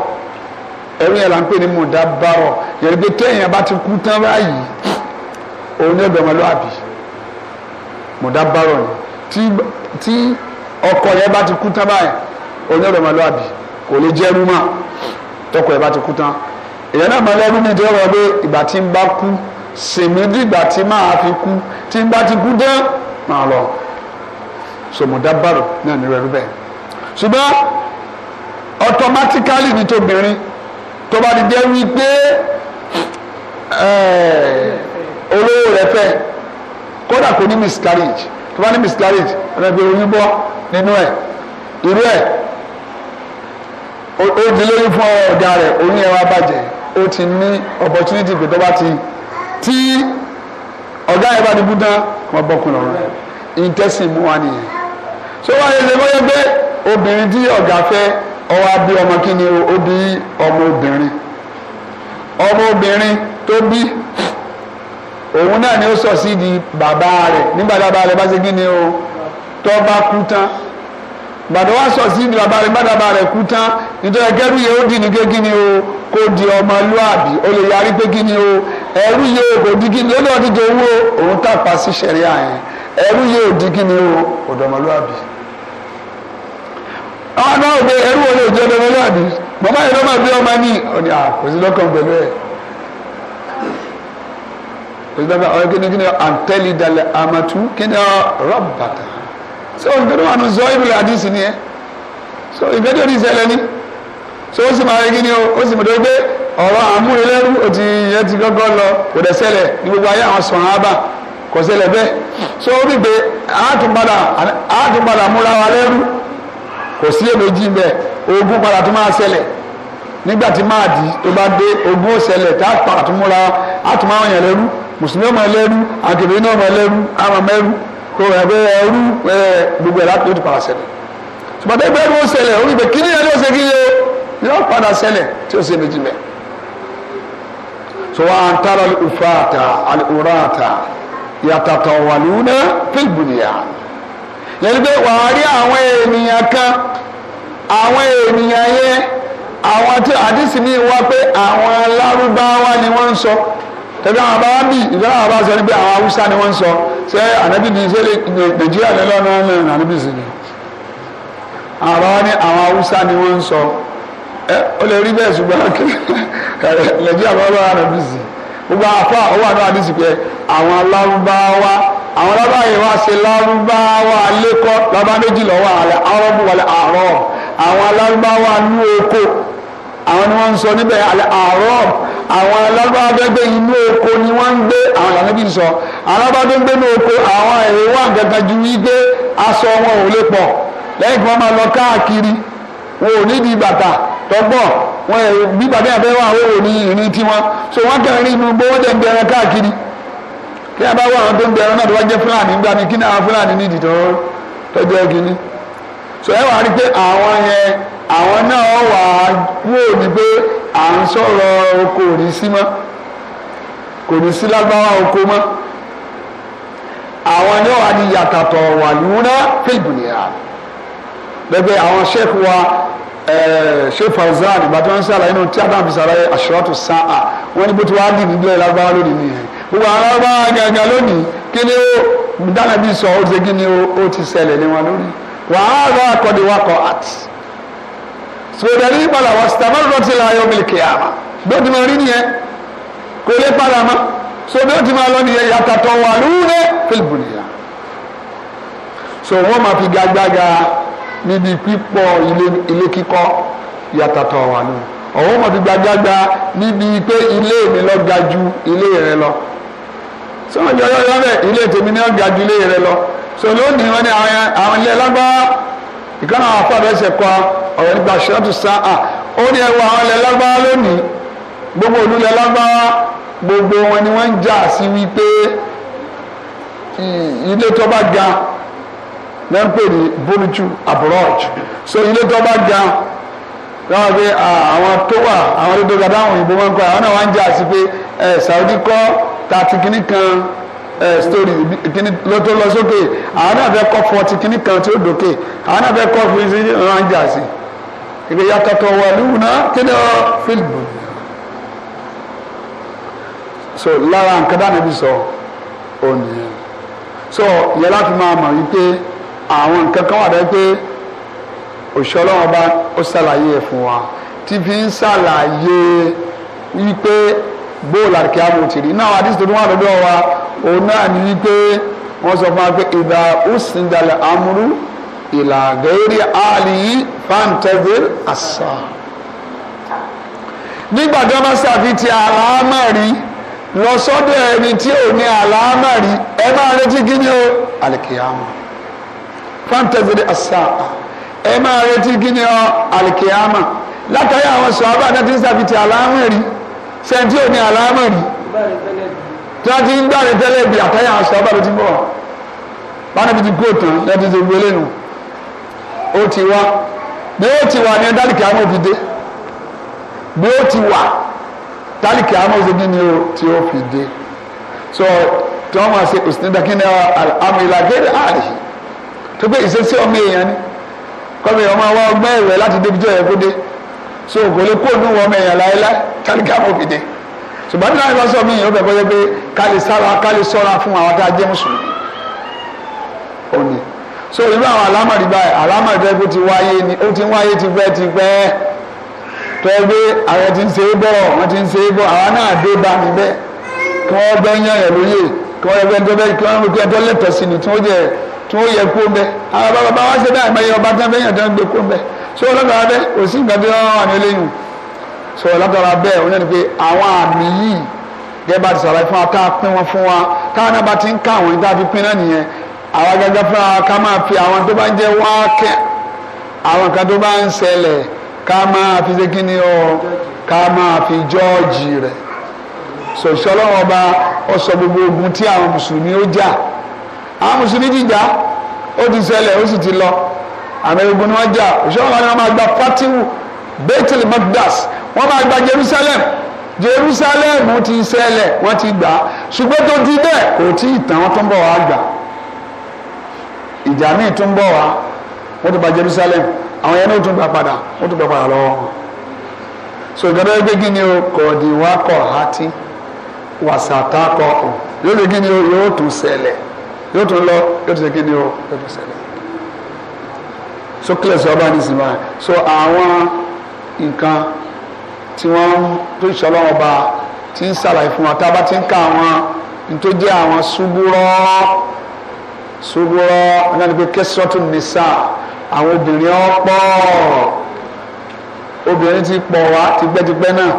ẹrú yẹn là ń pè ní mùdábárọ̀ yẹn pé téèyàn bá ti kú tán báyìí òun ní ọ̀dọ̀mọlúàbí mùdábárọ̀ ni tí ọkọ yẹn bá ti kú tán báyìí òun ní ọ̀dọ̀mọlúàbí kò lè jẹ́ rúmà tọkọ yẹn bá ti kú tán èèyàn náà máa lẹ́rú ní ìdíwọ́ pé ìgbà tí ń bá kú sèmi dìgbà tí máa fi kú tí ń bá ti kú dán máa lọ sòmùdábàrò náà ní rẹ̀rú bẹ́ẹ̀ ṣùgbọ́n ọtọmátíkálì ní tóbìnrin tó bá ti jẹ́ wípé eh, olówó rẹ̀ fẹ́ kódà kò ní miscarriage tó bá ní miscarriage rẹ̀ bí oyún bọ́ nínú ẹ̀ irú ẹ̀ ó di lórí fún ọ̀gá rẹ̀ oyún ẹ̀ wá bàjẹ́ ó ti ní opportunity pé tó bá ti tí. ọ̀gá ẹ̀ bá ní bú dán wọn bọ́kùn lọ́rùn so obìnrin tí ọ̀gá fẹ́ ọwọ́ ọmọ kini ni ọmọ obìnrin ọmọ tó ni ó sọ sí di bàbá nígbà o bá gbàdọ̀ wá sọ sí bàbá rẹ̀ gbàdàbà rẹ̀ kú tán nítorí ẹgẹ́rú yẹn ó dì ní pé kí o kó di ọmọlúàbí ó lè yarí pé kí o ẹrú yẹn kò di kí ni ó lọ́ọ́ dídò owó òun tàpá sí sẹ̀ríà yẹn ẹrú yẹn di kí o kò dọ̀mọlúàbí. àwọn náà wò pé ẹrú wo lè jẹ ọmọlúàbí bàbá yẹn ló máa bí ọmọ ní ọ̀nì àkòsí lọ́kàn pẹ̀lú ẹ̀ kòsí lọ́kàn ọ̀rẹ́ kí ni kí àmàtú kí ni rọ́bàtà so nǹkan wa wà nù sọ ibùdó àdìsí ni ẹ so nǹkan tó ní ìṣẹ̀lẹ̀ ni so o sì máa rí kíni o ó sì mọ̀ tó gbé ọ̀rọ̀ àmúrelẹ́rú òtí ìyẹn ti gọ́gọ́ lọ kò dẹ̀ ṣẹlẹ̀ ní gbogbo ayé àwọn sọ̀rọ̀ ábà kò ṣẹlẹ̀ bẹ́ẹ̀ so ó rí pé àátúnpadà àátúnpadà múra wa lẹ́rú kò sí èméjì bẹ́ẹ̀ ogun padà tó máa ṣẹlẹ̀ nígbà tí máa dì tó bá dé ogun ó ṣẹlẹ̀ tá a padà tó múra àtúmáwọ̀nyàn lẹ́rú mùsùlùmí ọmọ ẹlẹ́rú àgbègbè náà ọmọ ẹlẹ́rú àmọ̀ mẹ́rú tó ẹgbẹ́ ẹrú gbogbo ẹ̀ láti ó ti padà ṣẹlẹ̀ ṣùgbọ́n ẹgbẹ́ ẹrú ó ṣẹlẹ̀ orí ibẹ̀ kíní ẹni ó ṣe kí yẹ yọ padà ṣẹlẹ̀ tí ó ṣe méjì mẹ́. sọ wa ń àwọn ènìyàn àdìsí mi wá pé àwọn alárúbáwá ni wọ́n ń sọ tẹbi àwọn bàbá bì ìdáná àwọn bá sọ ni pé àwọn haúsá ni wọ́n sọ ṣé ànábì ní ṣe nàìjíríà ní lọ́nà ọ̀nà ànábì sì ni àwọn bàbá ní àwọn haúsá ni wọ́n sọ ẹ ó lè rí bẹ́ẹ̀ ṣùgbọ́n nàìjíríà bá wà ànábì sì gbogbo àfa ó wà náà àdìsí pé àwọn lárúbáwá àwọn lábàáyé wa ṣe lárúbáwá lẹ́kọ́ lábá méjì lọ́wọ́ àrọ́bù wàlẹ̀ àrọ́ àwọn lárúbáwá nú oko àwọn ni wọ́n ń sọ níbẹ̀ àárọ̀ àwọn alábàágbé gbé inú oko ni wọ́n ń gbé àwọn ànábì sọ alábàágbé gbé inú oko àwọn èrò àgàgà ju wípé aṣọ wọn ò lè pọ̀ lẹ́yìn tí wọ́n máa lọ káàkiri wọn ò nídìí bàtà tọ́gbọ̀ wọn èrò bí bàtà yàtọ̀ wà wọn ò ní ìrìn tiwọn so wọ́n kẹrin inú gbowó jẹ́ ń bẹ̀rẹ̀ káàkiri kí a bá wọ àwọn tó ń bẹ̀rẹ̀ náà tó wá jẹ́ fúlàní gbá mi kí ni àwọn fúlàní nídìí tó tọ́jú ẹ àwọn náà wà á wò ní pé à ń sọ̀rọ̀ oko ò ní sí mọ́ kò ní sí lágbára oko mọ́ àwọn náà wà ní yàtàtọ̀ wà lúwúná fìbùnìyà gbẹgbẹ àwọn sheikh wa sheikh Fawzan ìgbà tí wọ́n ń sàlàyé nínú tí a dáhùn fi sàlàyé àṣírọ́tù sáà wọ́n ní bó ti wá dì nílẹ̀ lágbára lónìí nìyẹn gbogbo àwọn arábára gangan lónìí kí ni ó dáná bí sọ ó ti ni ó ti ṣẹlẹ̀ ní wọn lórí wàhálà kọ́ni wakọ̀ àti sọdọ̀rí padà wá sítàmọ́rọ̀ ti la ayọ̀ mílíkì àmà bí ó ti máa rí nìyẹn kò lè padà mọ́ so bí ó ti máa lọ nìyẹn yàtàtọ̀ wà lóore fílìpù nìyà so wọ́n ma fi gagbága níbi pípọ̀ ilé kíkọ́ yàtàtọ̀ wà lóore ọ̀wọ́n oh, máa fi gagbága níbi pé ilé mi lọ ga ju ilé rẹ lọ sọ́wọ́n jọ yọ yọ bẹ́ẹ̀ ilé tèmi ni wọ́n ga ju ilé rẹ lọ so lónìí wọ́n ní àwọn ilé lágbára ìkànnì àwọn afọ àbẹ̀sẹ̀ kọ ọ̀rọ̀ nípa ṣọ́ọ̀tù sáà ó ní ẹwà àwọn ilẹ̀ lágbára lónìí gbogbo olúlẹ̀ lágbára gbogbo wọn ni wọ́n ń jà sí wípé hmm, ilé tó ga lẹ́ pè ní bóríjù abroad so ilé tó bá ga láwọn pé àwọn tó wà àwọn tó ga dáhùn ìbomọ́ ń kọ́ àwọn náà wọ́n ń jà sí pé ẹ̀ Saudi kọ́ tàtí kìnnìkan story kíní lọ́tọ́ lọ sókè àwọn náà fẹ́ kọ́ fọ́ọ̀tì kíní kan tí ó dòkè àwọn náà fẹ́ kọ́ fún ìṣẹ́jú ránjà sí ìgbé yàtọ̀tọ̀ wà lúwùná kíní ọ fílmù. so lára nǹkan dáná bí sọ ò nìyẹn so ìyẹn láti máa mọ̀ wípé àwọn nǹkan kan wà dẹ́ pé òṣìṣẹ́ ọlọ́run ọba ó ṣàlàyé ẹ̀ fún wa tí fi ń ṣàlàyé wípé bóòlù àti kíámù ti rí náà àdìsí tó tún wà lọ́dọ̀ wa òun náà ní wípé wọ́n sọ fún wa pé ìdá òsìndàlẹ̀ amúrú ìlàgẹ́rì àlìyí fàǹtẹ́gẹ́rì àṣà. nígbà tí wọ́n bá ṣàfihàn ti àlàámà rí lọ sọ́dọ̀ ẹni tí ò ní àlàámà rí ẹ máa retí kí ni o àlìkíyàmù fàǹtẹ́gẹ́rì àṣà ẹ máa retí kí ni o àlìkíyàmù látàrí àwọn sọ̀rọ̀ bá a ti ṣàfihàn ti àlàámà sẹ́ńtì ò ní àlámọ̀ ni tí wọ́n ti ń gbàrin tẹ́lẹ̀ bí àtẹ́yà aṣọ ọba ló ti bọ̀ báwọn ibi ti gòtò lẹ́tí ti gbélé nu ó ti wá bí ó ti wà ní dálìkì àmọ́ fi dé bí ó ti wà dálìkì àmọ́ fi dé ni ó ti ó fi dé so tí wọ́n máa ṣe òsínìdàkí ní àmì ìlàgẹ́rẹ́ ààrẹ tó pé ìṣesí ọmọ èèyàn ni kọ́mi ọmọ wa ọgbẹ́ ìwẹ̀ láti débi tó yẹ dé so kò lè kó nù wọ́n mẹ́yàn láéláé kálíkà mọ̀ fìdí ṣùgbọ́n bí láti bá sọ mí ìyọ́bẹ̀ bọ́jẹ́ pé kálí sára kálí sọ́ra fún àwọn tá a jẹ́ mùsùlùmí òní so irú àwọn alámọ̀rí báyìí alámọ̀rí bẹ́ẹ̀ kó ti wáyé ni ó ti ń wáyé ti pẹ́ ti pẹ́ tọ́ pé àwọn ti ń ṣe é bọ̀ wọ́n ti ń ṣe é bọ̀ àwa náà dé bá mi bẹ́ẹ̀ kí wọ́n gbẹ́yàn ẹ̀ lóye kí wọ́n gbẹ́ńtọ́ bẹ́ẹ̀ kí wọ́n gbẹ́ńtọ́ lẹ́tọ̀ọ́ sí ni tí wọ́n jẹ́ tí wọ́n yẹ kó bẹ́ẹ̀ àwọn bàbá bá wá ṣe bẹ́ẹ̀ àgbáyé ọba tán bẹ́ẹ̀ yàn tán gbé kó bẹ́ẹ̀ so ọlọ́tara bẹ́ẹ̀ kò sí nǹkan tí wọ́n wà ní eléyìí so ọlọ́tara bẹ́ẹ̀ wọ́n yẹn pé àwọn àmì yìí gẹ́gẹ́ bá ti fún wa tá a pín wọn fún wa táwọn náà bá ti ń ká àwọn ìdá fi pín náà nìyẹn àwa gẹ́gẹ́ fún wa ká máa fi àwọn tó bá ń jẹ́ wáákẹ́ àwọn kan tó bá ń ṣẹlẹ̀ ká máa fi ṣe kíni o ká máa fi jọ́ọ̀jì rẹ̀ sòṣọ́lọ́wọ́ ọba ọ̀sọ̀ gbogbo ogun tí àwọn mùsùlùmí ó jà àwọn mùsùlùmí dìgbà ó ti ṣẹlẹ̀ ó sì ti lọ àmì ogun ni wọ́n jà òṣèlú wọn máa gba fatihu bethel magdas wọ́n máa gba jerusalem jerusalem ti ṣẹlẹ̀ wọ́n ti gbà ṣùgbọ́n tó ti bẹ́ẹ̀ kò tí ì tàn wọ́n tó ń bọ̀ wá gbà ìjà míì tó ń bọ̀ wá wọ́n ti gba jerusalem àwọn yẹn ní òtún gba padà wọ́n tún gba padà lọ́wọ́ so ìjọba ẹgbẹ́ gíní o kọ̀ọ̀dì wakọ̀ hati wàsàtàkọ̀ o yóò lè gíní o yóò tún ṣẹlẹ̀ yóò tún lọ yóò tún ṣe kí ni o yóò tún ṣẹlẹ̀ so clear sọ ọba nísìnyí báyìí so àwọn nǹkan tí wọ́n tó ìṣọlọ ọba ti ń ṣàlàyé fún wa tá ti ń ka àwọn nítorí àwọn ṣubúrọ ṣubúrọ náà ni pé kẹsọtù nìṣà àwọn obìnrin ọ̀pọ̀ obìnrin ti pọ̀ wá tipẹ́tipẹ́ náà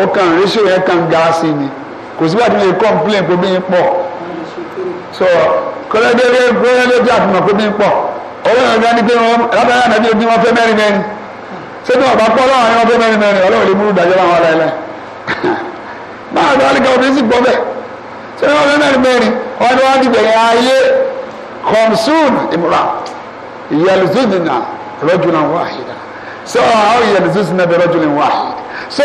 ó kàn ríṣò yẹn kàn ga sí ni kò sígbà tí wọ́n lè complain pé bí pọ̀ so kọ́lẹ́dẹ́dẹ́ gbọ́dẹ́dẹ́ àfihàn pé bí n pọ̀ ọlọ́run ẹ̀gbẹ́ ni pé wọ́n látara ànábì bí wọ́n fẹ́ mẹ́rin mẹ́rin ṣé bí wọ́n bá pọ̀ ọlọ́run ẹ̀yìn wọ́n fẹ́ mẹ́rin mẹ́rin ọlọ́run lè múlù dájọ́ láwọn aláìláì máa bá alẹ́ kàwọn fèsì gbọ́ bẹ́ẹ̀ ṣé wọ́n fẹ́ mẹ́rin mẹ́rin wọ́n ni wọ́n ti bẹ̀rẹ̀ ayé kọ̀mṣún ìmúra ìyàlùsùnìnà rọ́jùnà wáhìdà so àwọn ìyàlùsùnìnà bẹ̀ rọ́jùnà wáhìdà so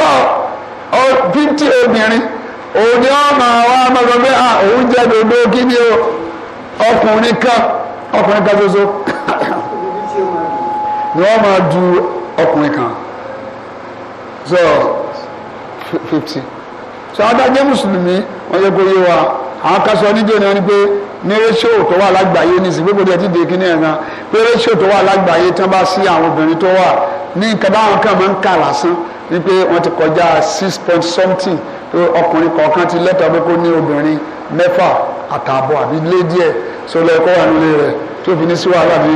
fifty obìnrin òun ni ọmọ àwọn amọ̀gbọ́n pé òun kí ni o ọkùnrin kan ọkùnrin kan ni máa du ọkùnrin kan so fifty ni pé ní tó wà lágbàáyé ní ìsìn gbogbo ẹtí dèkí ní ẹ̀ràn pé réṣíò tó wà lágbàáyé tí bá sí àwọn obìnrin tó wà ní nǹkan báwọn kan máa ń kà wípé wọ́n ti kọjá six point something tó ọkùnrin kọ̀ọ̀kan ti lẹ́tọ̀ọ́ pé kó ní obìnrin mẹ́fà àtààbọ̀ àbí lé díẹ̀ so lẹ́kọ́ wà nílé rẹ̀ tó fi ní sí wàhálà ní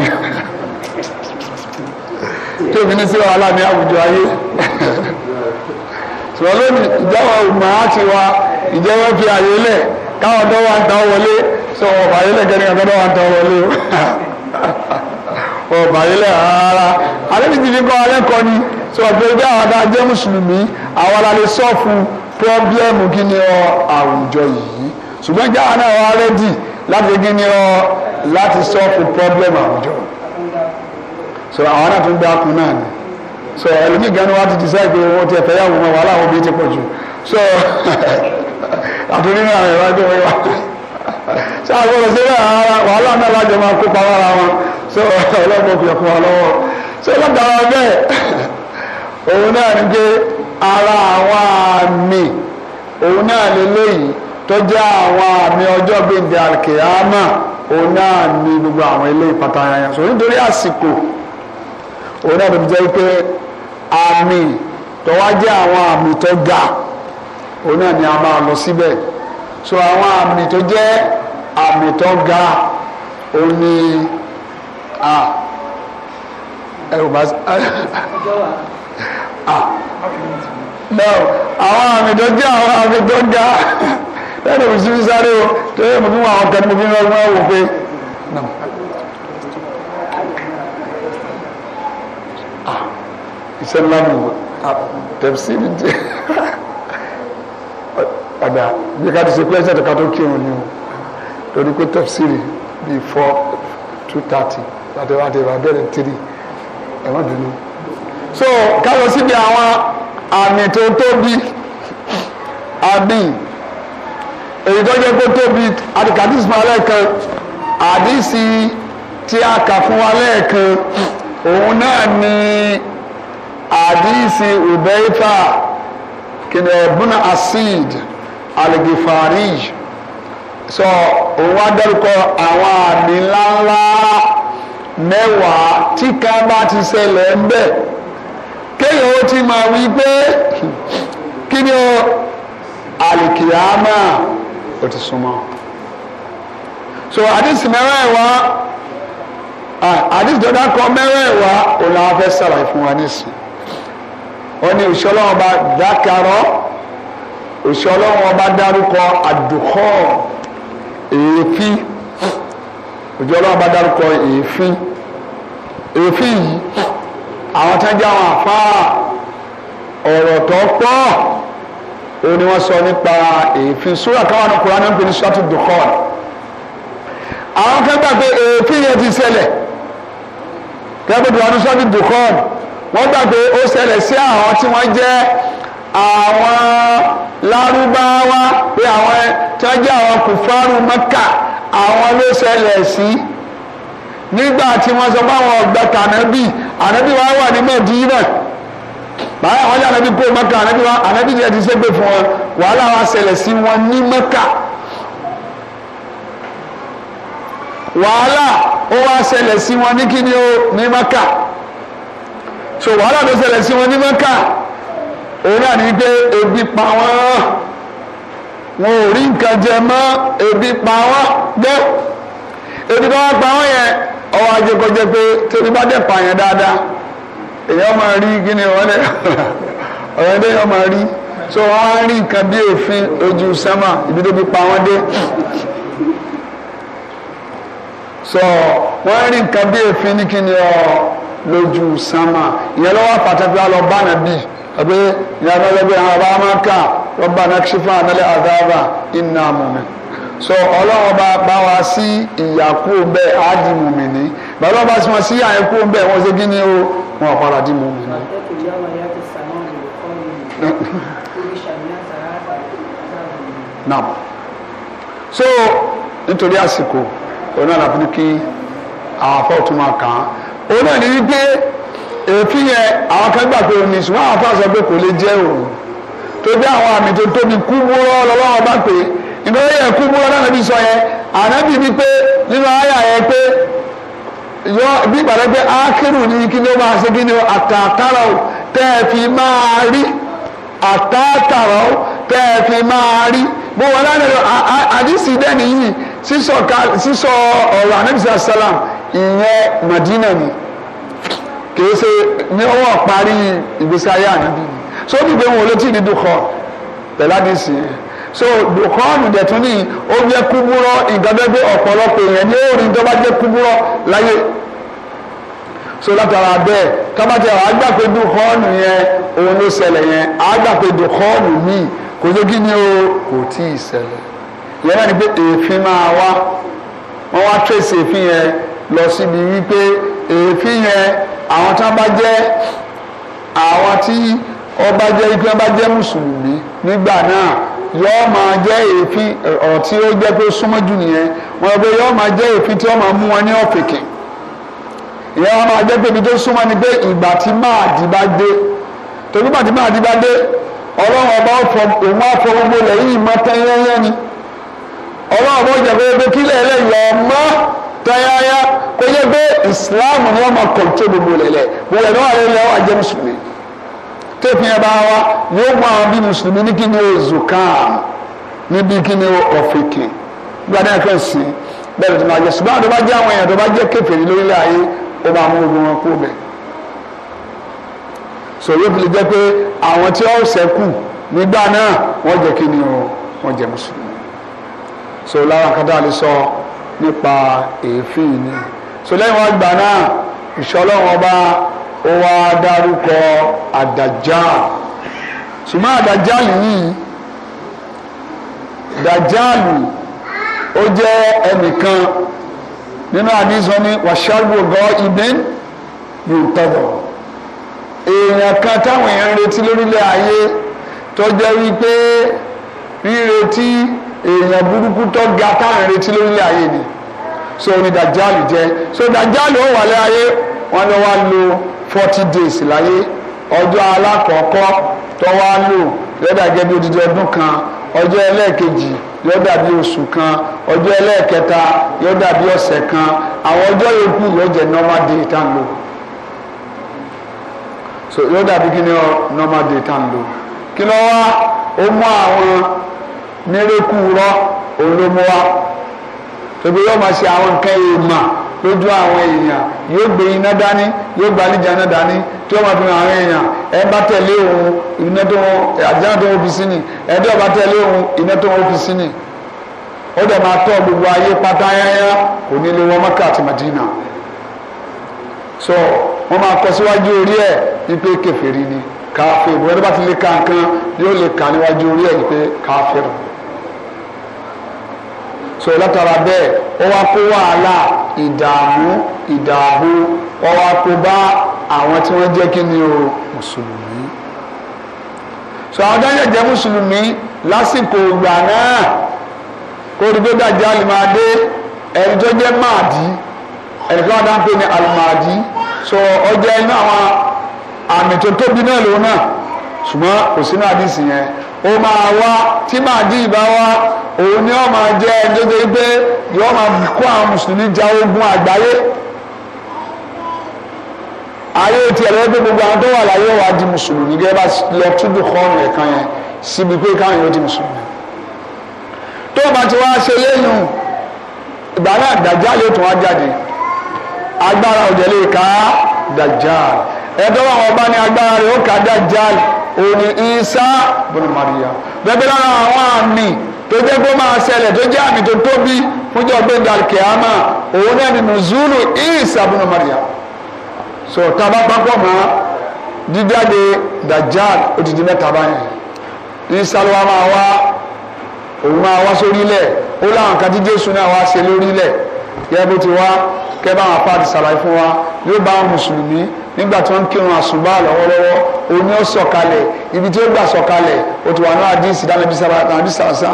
tó fi ní sí wàhálà ní àwùjọ ayé ṣùgbọ́n lónìí ìjọba ọmọ àti wa ìjọba fi àyè lẹ̀ káwọn tó wà ń tán wọlé sọ ọ̀fà ayé lẹ̀ kẹ́ni àtọ́dọ̀ wà ń tán wọlé o. ọba ilẹ̀ rárá àdébí ti fi kọ́ alẹ́kọ̀ọ́ ni tí wọ́n fi gbé àwọn adájẹ́ mùsùlùmí àwọn alẹ́ sọ́ọ̀fù pọ́blẹ́mù kí ni ọ àwùjọ yìí ṣùgbọ́n jẹ́ náà wà rẹ́dì láti kí ni ọ láti sọ́ọ̀fù pọ́blẹ́mù àwùjọ so àwọn náà tún gbé akun náà ni so ẹlòmíì gan ni wọ́n ti decide pé owó tiẹ̀ fẹ́yàwó wọn wàhálà wọn bí ti pọ̀ jù so àtúndínlẹ̀ àwọn ìwádìí wọn yóò wá ṣàgbọ́dọ̀ sí ara wàhálà náà lájọ máa kópa lára wọn so ọlọ́mọ fi ọ̀fun wa lọ́wọ́ so lọ́dàra bẹ́ẹ̀ òun náà ń gé ara àwọn àmì òun náà lélẹ́yìí tó jẹ́ àwọn àmì ọjọ́ gbèǹde àkèámà òun náà ní gbogbo àwọn ilé ìpàtà yẹn so nítorí àsìkò òun náà tóbi jẹ́ pé àmì tó wá jẹ́ àwọn àmì tó ga òun náà ni a máa lọ síbẹ̀. Si so àwọn àmì tó jẹ́ àmì tó ga òun ni a ẹ̀rù bá a náà àwọn àmì tó jẹ́ àwọn àmì tó ga lẹ́nu òsì sáré o tó yẹ mo fi wọn àwọn kẹ́ni mo fi wọn wọ́n wò pé. iṣẹ́ ńlá mi tẹ̀sí mi jẹ́. ọ̀dà bí ká ti ṣe pé ẹsẹ̀ tó ká tó kírun ni o torí pé tọ́sírì bíi four two thirty láti wá ti wá bẹ̀rẹ̀ three ẹ̀ má bínú. so ká lọ síbi àwọn àmì tó tóbi àbí èyí tó jẹ́ pé tóbi àdìkàdìsí máa lẹ́ẹ̀kan àdìsí tí a kà fún wa lẹ́ẹ̀kan òun náà ni àdìsí ùbẹ́ẹ́fà kìnìún ẹ̀bùnà asíìdì aligifarij sọ òun wá dárúkọ àwọn àmì ńláńlá mẹ́wàá tí ká bá ti ṣẹlẹ̀ ń bẹ̀ kéèyàn ó ti máa wí pé kí ni ó alikiyama ó ti súnmọ́ so àdìsí mẹ́wàá àdìsí tó dákọ mẹ́wàá òun làwọn fẹ́ sàlàyé fún wa nísìnyí ó ní ìṣọlọ́wọ́ bá dákàrọ́ òṣìṣẹ́ ọlọ́run ọba dárúkọ àdùkọ́ èéfín òṣìṣẹ́ ọlọ́run ọba dárúkọ èéfín èéfín yìí àwọn tí wọ́n jẹ́ àwọn àfáà ọ̀rọ̀ tó pọ̀ ó ní wọ́n sọ nípa èéfín sórí àkáwọn ọkùnrin wọn ní wọ́n pè dùkọ́ àwọn kan gbà pé èéfín yẹn ti ṣẹlẹ̀ kẹ́gbẹ́dùn wọn ní sọ́ọ̀tì dùkọ́ wọ́n gbà pé ó ṣẹlẹ̀ sí àwọn tí wọ́n jẹ́ àwọn lárúbáwá pé àwọn tọ́jú àwọn kùfárù mẹ́kà àwọn ló ṣẹlẹ̀ sí nígbà tí wọ́n sọ fún àwọn ọ̀gbẹ́ tànẹ́bì ànẹ́bì wa wà ní mẹ́dínà báyà wọ́n lé ànẹ́bì kó mẹ́kà ànẹ́bì wa ànẹ́bì jẹ́ ti ṣègbè fún wọn wàhálà wa ṣẹlẹ̀ sí wọn ní mẹ́kà wàhálà ó wá ṣẹlẹ̀ sí wọn ní kíni ó ní mẹ́kà so wàhálà ló ṣẹlẹ̀ sí wọn ní mẹ́kà òun náà ní pé ebi pa wọ́n wọn ò rí nǹkan jẹ mọ́ ebi pa wọ́n gbọ́ ebi tó wá pa wọ́n yẹn ọwọ́ ajẹkọjẹ pé tẹbi bá dẹ̀ pààyàn dáadáa èyàn máa rí gíní ọ̀rẹ́ ọ̀rẹ́ dé yàn máa rí so wọ́n á rí nǹkan bí òfin ojú sẹ́mà ibi tó fi pa wọ́n dé so wọ́n rí nǹkan bí òfin ní kíni ọ lójú sẹ́mà ìyẹn lọ́wọ́ pàtàkì wa lọ bá nàbí ẹgbẹ́ ìyàtọ̀ ẹgbẹ́ àwọn ọba amáka rọ́bà nàkṣífà nílẹ̀ àdáàbà iná mùmí. so ọlọ́run bá bá wa sí ìyàkú bẹ́ẹ̀ á di mùmí ní bàbá bá sì wọn sí àyẹ̀kú bẹ́ẹ̀ wọ́n ṣe kí o wọn ò di mùmí ní. nam so nítorí àsìkò òun náà làbí kí àwọn afọ́ tún máa kàn án òun ní wípé èéfín yẹn àwọn kan gbà pé omi ṣùgbọ́n àwọn afá sọ pé kò lè jẹ́ òun tó bí àwọn àmì tó tóbi kú búrọ́ lọ́wọ́ bá pé ìnáwó yẹn kú búrọ́ náà níbi sọ yẹn ànábì ni pé nínú àyà yẹn pé yọ bí ìgbàlẹ́ pé ákérù ní kí ni ó máa ṣe kí ni àtàtàrà ò ẹ fi máa rí àtàtàrà ò ẹ fi máa rí bó wọn láti lọ àdìsí dẹ́ni yìí sísọ ọ̀rọ̀ ànábì sàlám ìyẹn Madina ni kìí ṣe ní ọwọ́ parí ìgbésí ayé ànábì so ní pé wọn ò lè tí ì ní dùkọ́ pẹ̀lú àdìsí so dùkọ́ọ̀nù dẹ̀tún ní ó jẹ́ kúbúrọ́ ìgbàgbẹ́gbẹ́ ọ̀pọ̀lọpọ̀ èèyàn ní orin tó bá jẹ́ kúbúrọ́ láyé so látara bẹ́ẹ̀ tábàtì àwọn agbàpé dùkọ́ọ̀nù yẹn òun ló ṣẹlẹ̀ yẹn agbàpé dùkọ́ọ̀nù míì kò ní kí ni o kò tí ì ṣẹlẹ̀ yẹn náà ni pé èéfín máa wá wọ́n wá tẹ̀sí èéfín yẹn lọ síbi wípé èéfín yẹn àwọn tí wọ́n bá jẹ́ àwọn tí ọba jẹ́ ipe ọba jẹ́ mùsùlùmí nígbà náà yọọ máa jẹ́ èéfín ọ̀rọ̀ tí ó jẹ́ pé ó súnmọ́ jù nìyẹn wọ́n yọ pé yọọ máa jẹ́ èéfín tí wọ́n máa mú wọn ní ọ̀fìnkì ìyẹn wọn máa jẹ́ pé ibi tó súnmọ́ ni pé ìgbà tí Mahdi bá dé torí ìgbà tí Mahdi bá dé ọlọ́run ọba òun á fọ gbogbo lẹ́yìn ìmọ̀tẹ́yẹ́yẹ́ ni ọlọ́run ọba ó tayaya kó yẹ pé islam ni wọn máa kọ̀ǹtó gbogbo lẹ̀lẹ̀ gbogbo ẹ̀dọ́ àrẹ lẹ́wọ́ ajẹ́ mùsùlùmí kéèpì yẹn bá wa yóò mú àwọn bí mùsùlùmí ní kí ni o zukam níbi kí ni o ọ̀fìnkì gbadé ẹ̀kẹ́ sí bẹ́ẹ̀ tó máa jẹ ṣùgbọ́n àdó bá jẹ́ àwọn èèyàn tó bá jẹ́ kéèpì lórílẹ̀ ayé ó máa mú gbogbo wọn kú bẹ́ẹ̀ sọ̀rọ̀ fi lè jẹ́ pé àwọn tí wọ́n ṣẹ́kù nígbà náà wọ́n jẹ́ kí ni o wọ́n jẹ́ mùsùlùmí sọ̀rọ̀ lára kan tá a lè sọ nípa èéfín ni so lẹ́yìn wá gbà náà ìṣọlọ́wọ́n ọba ó wá dárúkọ àdàjáàl ṣùgbọ́n àdàjáàl yìí dàjáàlù ó jẹ́ ẹnìkan nínú àdìsọ ní wàṣàgbọgọ ibn yòtọbọ èèyàn kan táwọn èèyàn ń retí lórílẹ̀ ayé tó jẹ́ wípé rírètí èèyàn burúkú tó ga táwọn retí lórílẹ̀ ayé ni so ni dajali jẹ so dajali ó wà lẹ́ ayé wọn ni wọ́n lo forty days láyé ọjọ́ alákọ̀ọ́kọ́ tó wá lò lọ́dà gẹ́gẹ́ bí odidi ọdún kan ọjọ́ ẹlẹ́ẹ̀kejì yóò dàbí oṣù kan ọjọ́ ẹlẹ́ẹ̀kẹta yóò dàbí ọ̀sẹ̀ kan àwọn ọjọ́ yòókù yóò jẹ́ normal day tá ń lò so yóò dàbí kí ni ọ normal day tá ń lò kí ló wá ó mú àwọn mérekù rọ olómúwa tòbí yóò máa ṣe àwọn nǹkan èèmà lójú àwọn èèyàn yóò gbé iná dání yóò gba alíjà iná dání tí ó máa fi hàn àwọn èèyàn ẹ bá tẹ̀lé òun iná tó wọn àjẹ́ tó wọn fi sí ni ẹ dẹ́ bá tẹ̀lé òun iná tó wọn fi sí ni ó dẹ̀ máa tọ́ gbogbo ayé pátá yáyá kò ní lè wọ Mẹ́kà àti Mẹ́dínà so wọn máa kọ síwájú orí ẹ wípé kèfèrí ni káfíìn wọn bá ti lè ka nǹkan yóò lè kà níwájú orí ẹ wípé káfíìn so látara bẹ́ẹ̀ ó wá kó wàhálà ìdààmú ìdààbò ó wá kó bá àwọn tí wọ́n jẹ́ kí ni o mùsùlùmí so àwọn tó ń jẹ́ mùsùlùmí lásìkò ìgbà náà kó rí gbégbá jẹ́ alìmọ̀dé ẹni tó jẹ́ máàdí ẹni tó wọ́n ń pè ní alìmọ̀dí so ó jẹ́ inú àwọn àmì tó tóbi náà lòun náà ṣùgbọ́n kò sínú àdìsí yẹn ó máa wá tí màdí ìbá wá òun ni wọ́n máa jẹ́ ẹni tó dé pé yọ́n máa kó àwọn mùsùlùmí ja ogun àgbáyé ayé tiẹ̀ lọ́wọ́ pé gbogbo àwọn tó wà láyé wà di mùsùlùmí gẹ́gẹ́ bá lọ túbú kọ́ọ̀rùn ẹ̀kan yẹn síbi pé káwọn yóò di mùsùlùmí tó bá ti wá ṣe lẹ́yìn ìgbà náà dàjálè tó wá jáde agbára òjẹ̀lẹ̀ ká dàjálè ẹ̀dọ́ àwọn ọba ní agbára rẹ̀ ó ká dàjálè òun ni Isa bọ́lú Maria bẹ́ẹ̀ lára àwọn àmì tó jẹ́ kó máa ṣẹlẹ̀ tó jẹ́ àmì tó tóbi fúnjọ́ gbẹ̀ngà kẹ́hámà òun náà ni nùzúlù Isa bọ́lú Maria so tábà pápọ̀ mọ́ dídáde Dajjal odidi mẹ́ta báyìí Isa ló wá máa wá òun máa wá sórílẹ̀ ó láwọn kan tí Jésù náà wá ṣe lórílẹ̀ yẹ bó ti wá kẹ́ bá wọn apá sàlàyé fún wa yóò bá wọn mùsùlùmí nígbà tí wọ́n ń kírun àsùbá lọ́wọ́lọ́wọ́ òní ó sọ̀kalẹ̀ ibi tí ó gbà sọ̀kalẹ̀ ó ti wà ní àdìsí dánilẹ́bí sábà àdìsí sàǹsà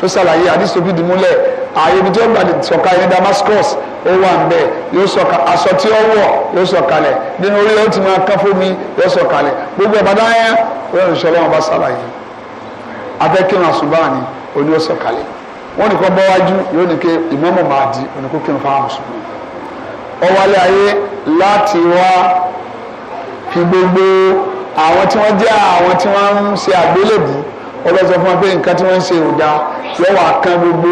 tó ṣàlàyé àdìsí òbí dìmúlẹ̀ ààyè ibi tí ó gbà sọ̀kalẹ̀ ní Damascus ó wà ń bẹ yóò sọ̀ka aṣọ tí ó wọ̀ yóò sọ̀kalẹ̀ nínú orí ó ti máa kán fómi yóò sọ̀kalẹ̀ gbogbo ìbàdàn yẹn wọ́n ń sọ̀rọ̀ wọn bá ṣàlàyé afẹ́kírun àsùbá ni òní ó sọ̀kalẹ̀ wọ́n nìkan bọ́ wájú yóò ní ké ìmọ̀mọ̀ máa di fi gbogbo àwọn tí wọ́n jẹ́ àwọn tí wọ́n ń ṣe àgbélébù wọ́n bẹ́ẹ̀ sọ fún wọn pé nǹkan tí wọ́n ń ṣe ò dáa yọ wà kan gbogbo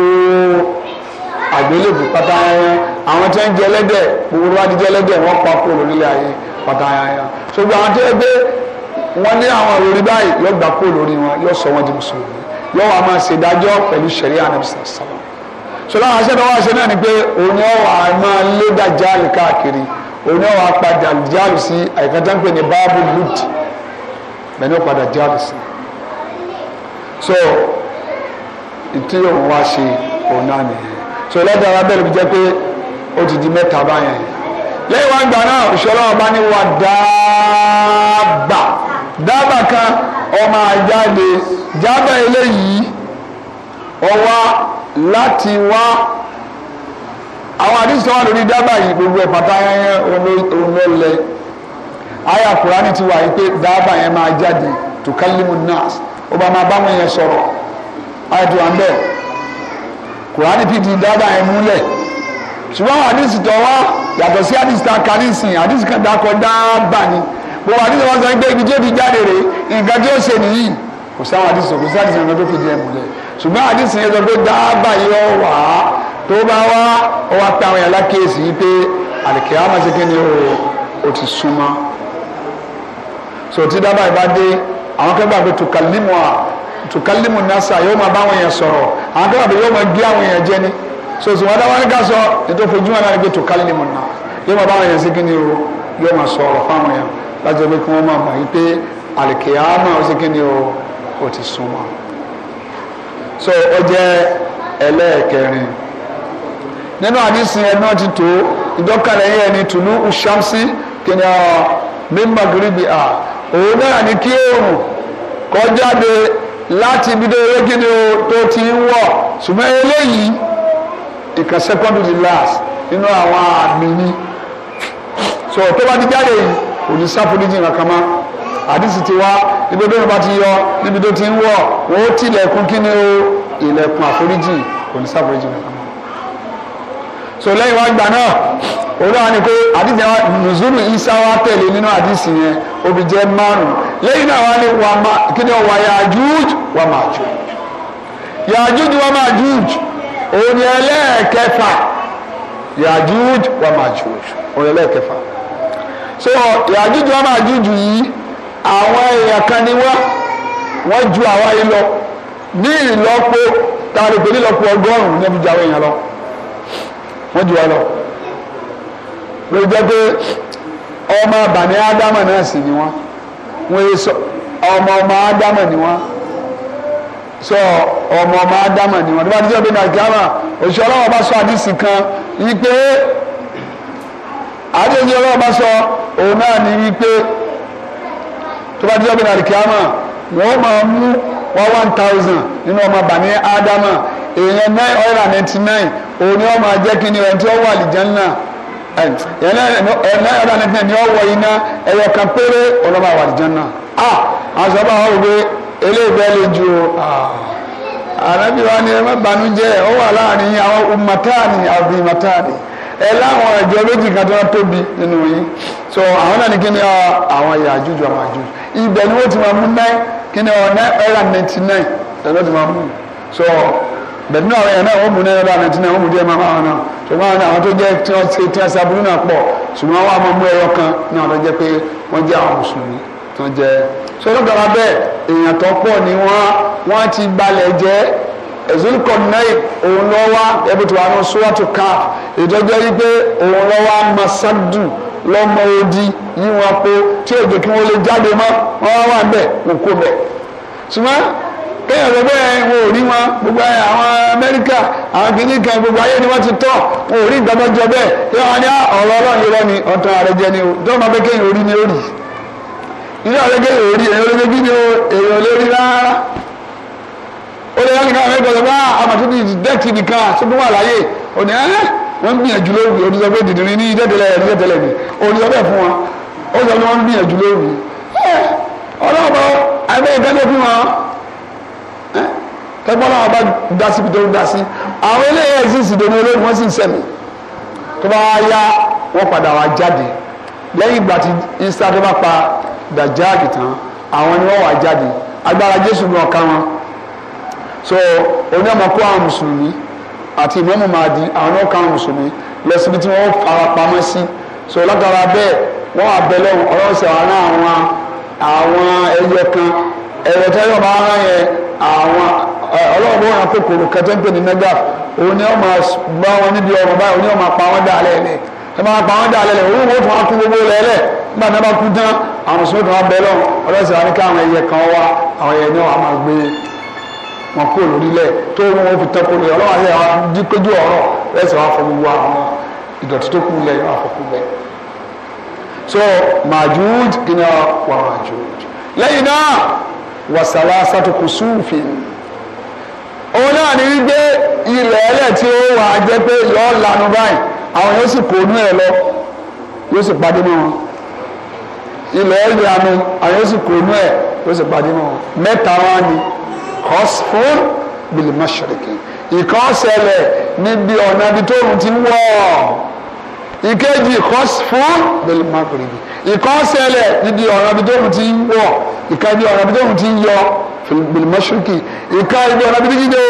àgbélébù pátá wọn àwọn tí wọ́n jẹ́ ẹlẹ́dẹ̀ gbogbo wá jíjẹ́ ẹlẹ́dẹ̀ wọ́n pa kúrò lórílẹ̀ ayé pátá yẹn ṣùgbọ́n àwọn tí wọ́n gbé wọ́n ní àwọn òròrí báyìí yọ gbà kúrò lórí wọn yọ sọ wọn di mùsùlùmí yọ wà máa ṣèdájọ́ pẹ̀lú ṣẹ̀ríà Ànábì sallallahu alaihi wasallam sọlá àwọn wá ṣe náà ni pé òun ni wọ́n wà máa lé dàjà káàkiri òun náà wàá padà jáàlù sí àyíká tó ń pè ní báàbù lùd lẹ́nu padà jáàlù sí so ìtí òun wá ṣe òun náà nìyẹn so lọ́dọ̀ arábẹ́rẹ́ mi jẹ́ pé ó ti di mẹ́ta báyẹn lẹ́yìn wá gbà náà ìṣọ́lá ọba ní wa dáàbà dáàbà kan ọmọ àjáde jábẹ́ eléyìí ọwá láti wá àwọn àdìsí kan wà lórí dábàá yìí gbogbo ẹ̀ pátá yẹn òun ló lẹ àyà kùránì ti wà yìí pé dábàá yẹn máa jáde tùkálímù nas ó bá máa báwọn yẹn sọ̀rọ̀ àyà tó wà ń bẹ̀ kùránì ti di dábàá yẹn múlẹ̀ ṣùgbọ́n àwọn àdìsí tó wá yàtọ̀ sí àdìsí tá a kà nísìnyí àdìsí kan dákọ̀ dábàá ni gbogbo àdìsí wọn sọ pé ibi tí ó ti jáde rèé nǹkan tí ó ṣe nìyí kò sáwọn àdìsí kò sí àdìsí tó bá wá ó wá pé àwọn èèyàn lákèésí yìí pé àlìkìyàmá ṣe kí ni o ò ti súnmọ́ so tí dábàá yìí bá dé àwọn kẹgbà pé tùkàlímù à tùkàlímù nasa yóò máa bá àwọn èèyàn sọ̀rọ̀ àwọn kẹgbà pé yóò máa gé àwọn èèyàn jẹ ni so sùnwọ́n dáwọ́ ní ká sọ ètò ìfojú wọn náà ni pé tùkàlímù náà yóò máa bá àwọn èèyàn sí kí ni o yóò máa sọ̀rọ̀ fáwọn èèyàn láti ọgbẹ́ kí wọ́n máa mọ̀ wípé àlìkìyàmá ó sì kí ni o ó ti súnmọ́ so ó jẹ́ ẹlẹ́ẹ̀kẹrin nínú àdísìn ẹ̀ náà ti tó ìdọ́kàlẹ̀ yẹn ni tùlú ṣàmsì kìnìà mímọ gírígbì à òun náà ni kí oòrùn kọjáde láti ibi dèrè gíní o tó ti ń wọ̀ ṣùgbọ́n eléyìí ìkan second to the last nínú àwọn àmì ni so tó bá ti jáde yìí kò ní sáfúdíjì kankan mọ́ àdísì ti wá ibi tó bá ti yọ níbi tó ti ń wọ̀ wọ́n ó tilẹ̀kùn kí ni o ilẹ̀kùn àforíjì kò ní sáfúdíjì kankan so lẹ́yìn wá gbà náà olúwa ni pé àdìsí wa nùzúrù isa wa tẹ̀lé nínú àdìsí yẹn obì jẹ́ márùn lẹ́yìn náà wá ní wà má kí ni wà Yajuj wà Majuj Yajuj wà Majuj òun ni ẹlẹ́ẹ̀kẹfà Yajuj wà Majuj òun ni ẹlẹ́ẹ̀kẹfà so Yajuj wà Majuj yìí àwọn èèyàn kan ni wọ́n wọ́n ju àwa yìí lọ ní ìlọ́po tàbí pé nílọ́po ún ní ẹbí ju àwọn èèyàn lọ wọ́n jù wá lọ. ló jẹ́ pé ọmọ bàní ádámà náà sì ni wọ́n wọ́n yé sọ ọmọ ọmọ ádámà ni wọ́n sọ ọmọ ọmọ ádámà ni wọ́n tó bá ti jẹ́ pé nàìjíríà òṣìṣẹ́ ọlọ́wọ́ bá sọ àdìsí kan yí àdéhùn ọlọ́wọ́ bá sọ òun náà ni wí pé tó bá ti jẹ́ pé nàìjíríà wọ́n máa mú wọ́n one thousand nínú ọmọ bani ádámà èèyàn nine hundred and ninety nine òun ni wọ́n máa jẹ́ kí ni ẹni tí wọ́n wà àlìjánná ẹni nine hundred and ninety nine ni wọ́n wọ iná ẹ̀yọ kan péré ọlọ́mọ àwọn àlìjánná ah àwọn sábà wọ́n rò pé eléyìí bẹ́ẹ̀ lè ju àrẹ́bí wa ni ẹ má banú jẹ́ ọ wà láàrin àwọn umatani àbí umatani ẹ láwọn ìjọ méjì kan tó ń tóbi nínú yìí so àwọn náà ní kí ni ah, àwọn Yàjújù àwọn Màjújù ibẹ̀ ni wọ́n ti máa mú náì kí ni ọ̀nà ẹ̀rà ninety nine ẹ̀ ló ti máa mú so bẹ̀rẹ̀ náà ọ̀rẹ́ yẹn náà wọ́n mú náà ẹ̀rà ninety nine wọ́n mú díẹ̀ máa máa náà ṣùgbọ́n àwọn àwọn tó jẹ́ tí wọ́n ṣe ṣe aburú náà pọ̀ ṣùgbọ́n wọ́n á máa mú ẹyọ kan náà lọ so lọ́gbàrá bẹ́ẹ̀ èèyàn tó pọ̀ ni wọ́n wọ́n ti balẹ̀ Zulqarnain òun lọ wá ẹbí tí wàá nù súwọ́tù ká ìtọ́jú yìí pé òun lọ wá masadu lọ́mọ odi yí wọn po tí òjò kí wọ́n lè jáde mọ́ wọ́n wá wà bẹ́ẹ̀ kò kó bẹ́ẹ̀. ṣùgbọ́n kéèyàn lọ bẹ́ẹ̀ wọn ò rí wọn gbogbo àwọn Amẹ́ríkà àwọn kìíní kan gbogbo ayé ni wọ́n ti tọ́ wọn ò rí nǹkan tó jọ bẹ́ẹ̀ tí wọ́n ní ọ̀rọ̀ ọlọ́run yìí lọ́ni ọ̀tàn ààrẹ jẹ ni o tó máa bẹ́ kéèyàn orí ni ó rì ilé ọ̀rẹ́ kéèyàn orí èèyàn ó lè lẹ́nu káwọn ẹgbẹ́ wá àmọ̀tún ní dẹ́ẹ̀tì nìkan àtúndún wà láyé òní ẹ́ wọ́n gbìyànjú lóru òní sọ pé dìdìrín ní dẹ́tẹ̀lẹ̀ dẹ́tẹ̀lẹ̀ ni òní sọ bẹ́ẹ̀ fún wọn ó sọ pé wọ́n gbìyànjú lóru ọlọ́ọ̀bọ àbẹ́ ìdájọ́ fún wọn tẹ́gbọ́n náà bá dá sí ibi tó ń dá sí àwọn eléyà ìsìsì dòní olóògùn wọn sì ń sẹ́mi tó bá yá wọn padà wá jáde lẹ́yìn ìgbà tí insta tó pa dàjáàkì tán àwọn ni wọ́n wá jáde agbára Jésù ní ọ̀ka wọn so onímọ̀ kó àwọn mùsùlùmí àti ìmọ̀mù Mahdi àwọn náà kó àwọn mùsùlùmí lọ síbi tí wọ́n fara pamọ́ sí so látara bẹ́ẹ̀ wọ́n wà bẹ́ẹ̀ lọ́wọ́ ọlọ́run sì wà ní àwọn àwọn ẹyẹ kan ẹ̀rọ tẹ́lẹ̀ ọba ara yẹn àwọn ọlọ́run wọn yàn kòkòrò kẹtẹ́ńpẹ́ ní mẹ́gà òun ni wọ́n máa gbá wọn níbi ọrùn báyìí òun ni wọ́n máa pa wọ́n dà lẹ́lẹ̀ ẹ máa pa wọ́n dà lẹ́lẹ̀ òun wọ́n tún wá kú gbogbo lẹ́lẹ̀ nígbà tí wọ́n bá kú tán àwọn mùsùlùmí tún wá bẹ́ẹ̀ lọ́wọ́ ọlọ́run sì wà ní káwọn ẹyẹ kan wá àwọn ẹyẹ náà wà máa gbé wọn kúrò lórílẹ̀ tó wọn wọn fi tako lẹ̀ ọlọ́wọ́ ayé wa jí péjú ọ̀rọ̀ ẹ̀sẹ̀ wa fọ gbogbo àwọn ìdọ̀tí tó kù lẹ̀ yóò àfọkù bẹ́ẹ̀. so Majuj kìíní wa majud lẹ́yìn náà wàsàlà sàtòkù sùnfìn òun náà ní gbé ilẹ̀ ẹlẹ̀ tí ó wà jẹ́ pé lọ́ọ́ lanu báyìí àwọn yóò sì kó inú ẹ̀ lọ yóò sì padé mọ́ wọn ilẹ̀ ẹ̀yẹ anu àwọn yóò sì kó inú ẹ̀ yóò sì padé mọ́ mẹ́ta wá ni kọ́sfún bilimashiriki ìkan ṣẹlẹ̀ níbi ọ̀nà ibi tó rùn ti ń wọ̀ ìkejì kọ́sfún bilimagribi ìkan ṣẹlẹ̀ níbi ọ̀nà ibi tó rùn ti ń wọ̀ ìkan ibi ọ̀nà ibi tó rùn ti ń yọ bilimashiriki ìkan ibi ọ̀nà ibi tó gídé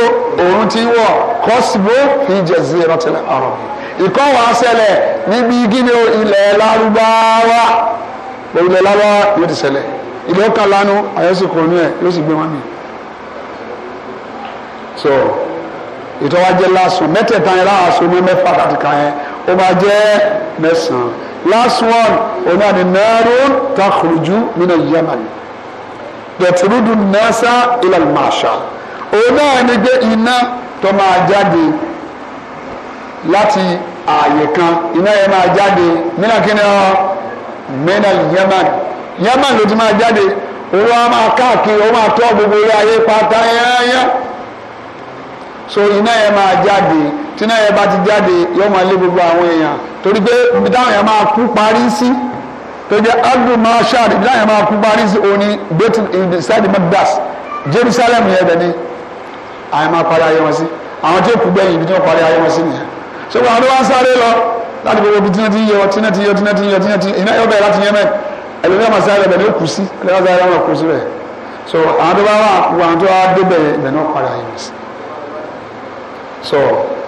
òrùn ti ń wọ̀ kọ́sfún fi jaziratil arab ìkan wà níbi gídé ilẹ̀ lárúbáwá ilẹ̀ lárúbáwá yóò ti ṣẹlẹ̀ ilẹ̀ ó lánàá àyẹ̀sùn kò so ìtọ́wájẹ́ lásùn mẹ́tẹ̀ẹ̀ta yẹn láàásùn ní mẹ́fà àti kan yẹn ó máa jẹ́ mẹ́sàn-án last one òun àni nàárò takhruju nínú yemen dẹ̀tùrúdù nasa ilal masha òun náà ni gbé iná tó máa jáde láti ààyè kan iná yẹn máa jáde nínú kíni ọ mẹ́nà yemen yemen ló ti máa jáde òun á máa káàkiri òun máa tọ́ gbogbo orí ayé pátá yẹ́nyẹ́ so iná yẹn máa jáde tí iná yẹn bá ti jáde yóò máa lé gbogbo àwọn èèyàn torí pé ibi táwọn èèyàn máa kú parí sí tó jẹ́ abdul marshal ibi táwọn èèyàn máa kú parí sí òní betul inside magdas Jerusalem yẹn bẹ̀ ni parí ayé wọn sí àwọn tí ó kú gbẹ̀yìn ibi tí wọ́n parí ayé wọn sí nìyẹn so wọn ló wá ń sáré lọ láti gbogbo ibi tí wọ́n ti yọ tí wọ́n ti yọ tí wọ́n ti yọ tí wọ́n ti iná yọ bẹ̀rẹ̀ láti yẹn mẹ́ ẹlòmíràn so àwọn tó bá wà wọn tó wá débẹ̀ ibẹ̀ náà parí ayé wọn sí so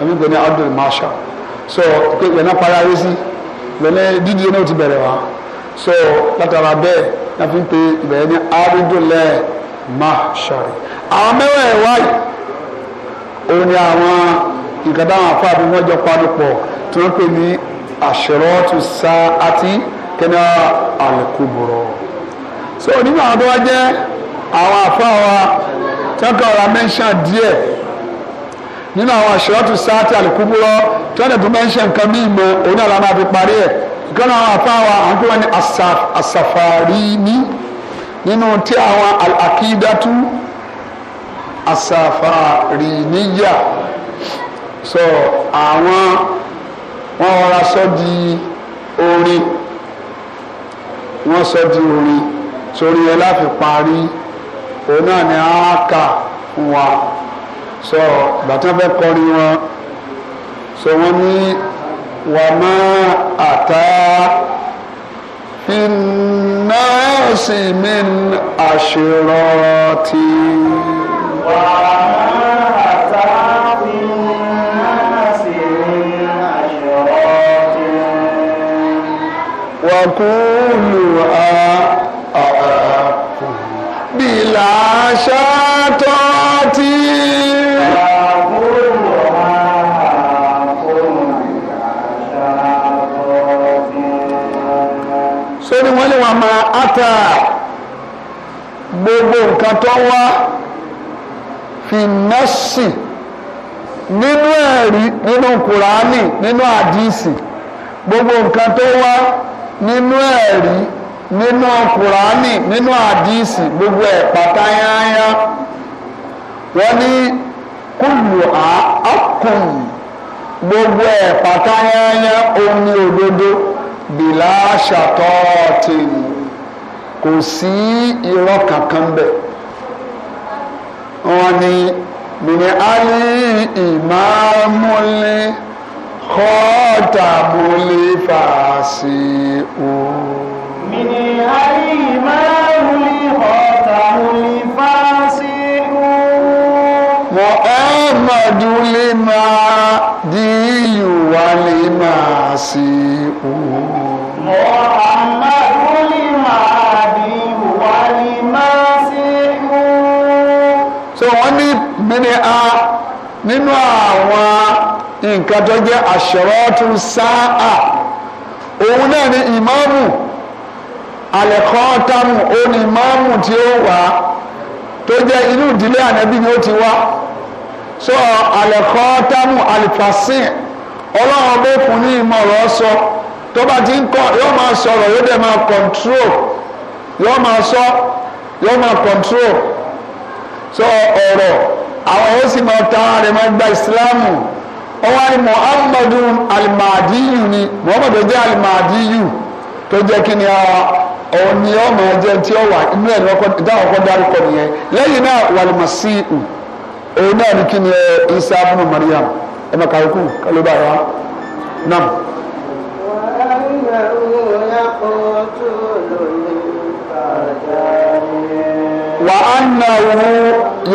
ẹ̀mí gbé ní Abdul Marshal so pé yẹn náà parí ayé sí lẹ́lẹ́ dídí náà ti bẹ̀rẹ̀ wá so látara bẹ́ẹ̀ náà fi ń pe ìbẹ̀rẹ̀ ní abidulẹ̀ Marshal àwọn mẹ́wàá wáyé òun ni àwọn nǹkan táwọn afọ àbí wọn jọ panu pọ̀ tí wọ́n pè ní àṣọrọ́tù sa àti kẹ́nà àlùkùbọ̀rọ̀ so nínú àwọn tó wá jẹ́ àwọn afọ àwa tí wọ́n kọ́ ọ̀rọ̀ amẹ́ńṣà díẹ̀ nínú àwọn àṣírọ́tù sáàtì àlùkùbúrọ́ tọ́lẹ̀ tó mẹ́ńṣẹ̀ nǹkan mí mọ òun náà la máa fi parí ẹ̀ nǹkan náà wà fún àwọn àwọn tó ní àsàfàrínì nínú tí àwọn àkídátú àsàfàrínìyà sọ àwọn wọn rọra sọ di orin wọn sọ di orin sórí ẹ láfi parí òun náà ni a kà fún so gbàtàn fẹ́ kọrin wọn so wọ́n ní wà má àtà iná sì mí àṣírọ́ ti. wà má àtà iná sì mí àṣírọ́ ti. wà kúlù a àkùn bí làá ṣáà. àtà gbogbo nǹkan tó wá fi nọ́ọ̀sì nínú ẹ̀rí nínú kùránì nínú àdìsì gbogbo nǹkan tó wá nínú ẹ̀rí nínú kùránì nínú àdìsì gbogbo ẹ̀ pátáyáyá wọ́n ní kúlù àákùn gbogbo ẹ̀ pátáyáyá omi òdodo bìlà ṣàtọ́ọ̀tì nù kò sí irọ́ kankan bẹ̀ wọ́n ní mini ali ìmáàmúlé kọ́ọ̀tàmúlé fàásì o. mini ali ìmáàmúlé kọ́ọ̀tàmúlé fàásì o. muhammadu lè máa di ìwà lè máa sí o. muhammadu. a nínú àwọn nǹkan tó jẹ́ àṣọrọ́tù sáà òun náà ni ìmáàmù alẹ́kọ́ọ́tàmù òun ni ìmáàmù tí ó wà tó jẹ́ inú ìdílé ànábì ni ó ti wá so alẹ́kọ́ọ́tàmù alifasín ọlọ́run bó fún ní ìmọ̀ràn sọ tó bá ti ń kọ́ yóò máa sọ̀rọ̀ yóò dẹ̀ máa kọ̀ǹtrol yóò máa sọ yóò máa kọ̀ǹtrol so ọ̀rọ̀. àwọn yóò sì máa ta ara máa gba ìsìláàmù ó wá ni muhammadu jẹ́ alimadiyu tó kí ni ah, òun ni ọ máa jẹ́ tí ọ wà inú ẹ̀ dáhùn kọ́ dárúkọ nìyẹn lẹ́yìn náà wàlùmọ̀síìkù òun náà ni kí ni eh, isa abunu mariam ẹ máa kàwé kù kálí wà á nà wú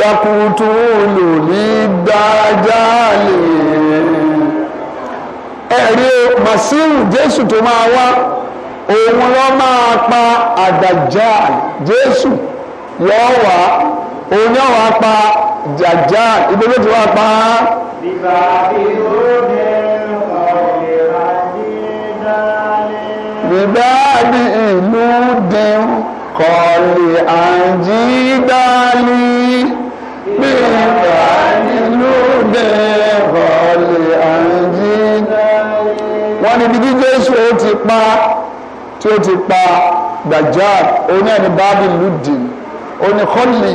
yakutu lò ní dájáàlè ẹ̀rí màsíù jésù tó máa wá òun ló máa pa àdàjáàlì jésù lọ́ọ́ wá òun náà wá pa jàjáàlì ibi ló ti wá pa á. bíbá ìlú ní ọ̀rẹ́ àdídálẹ̀. bíbá ìlú dín kọ́lé àjígbálí bí ìlú bẹ́ẹ̀ kọ́lé àjígbálí. wọ́n ní ibi tí jésù ó ti pa tí ó ti pa dajjal òun náà ní báàbí lùdì òun ní kọ́lé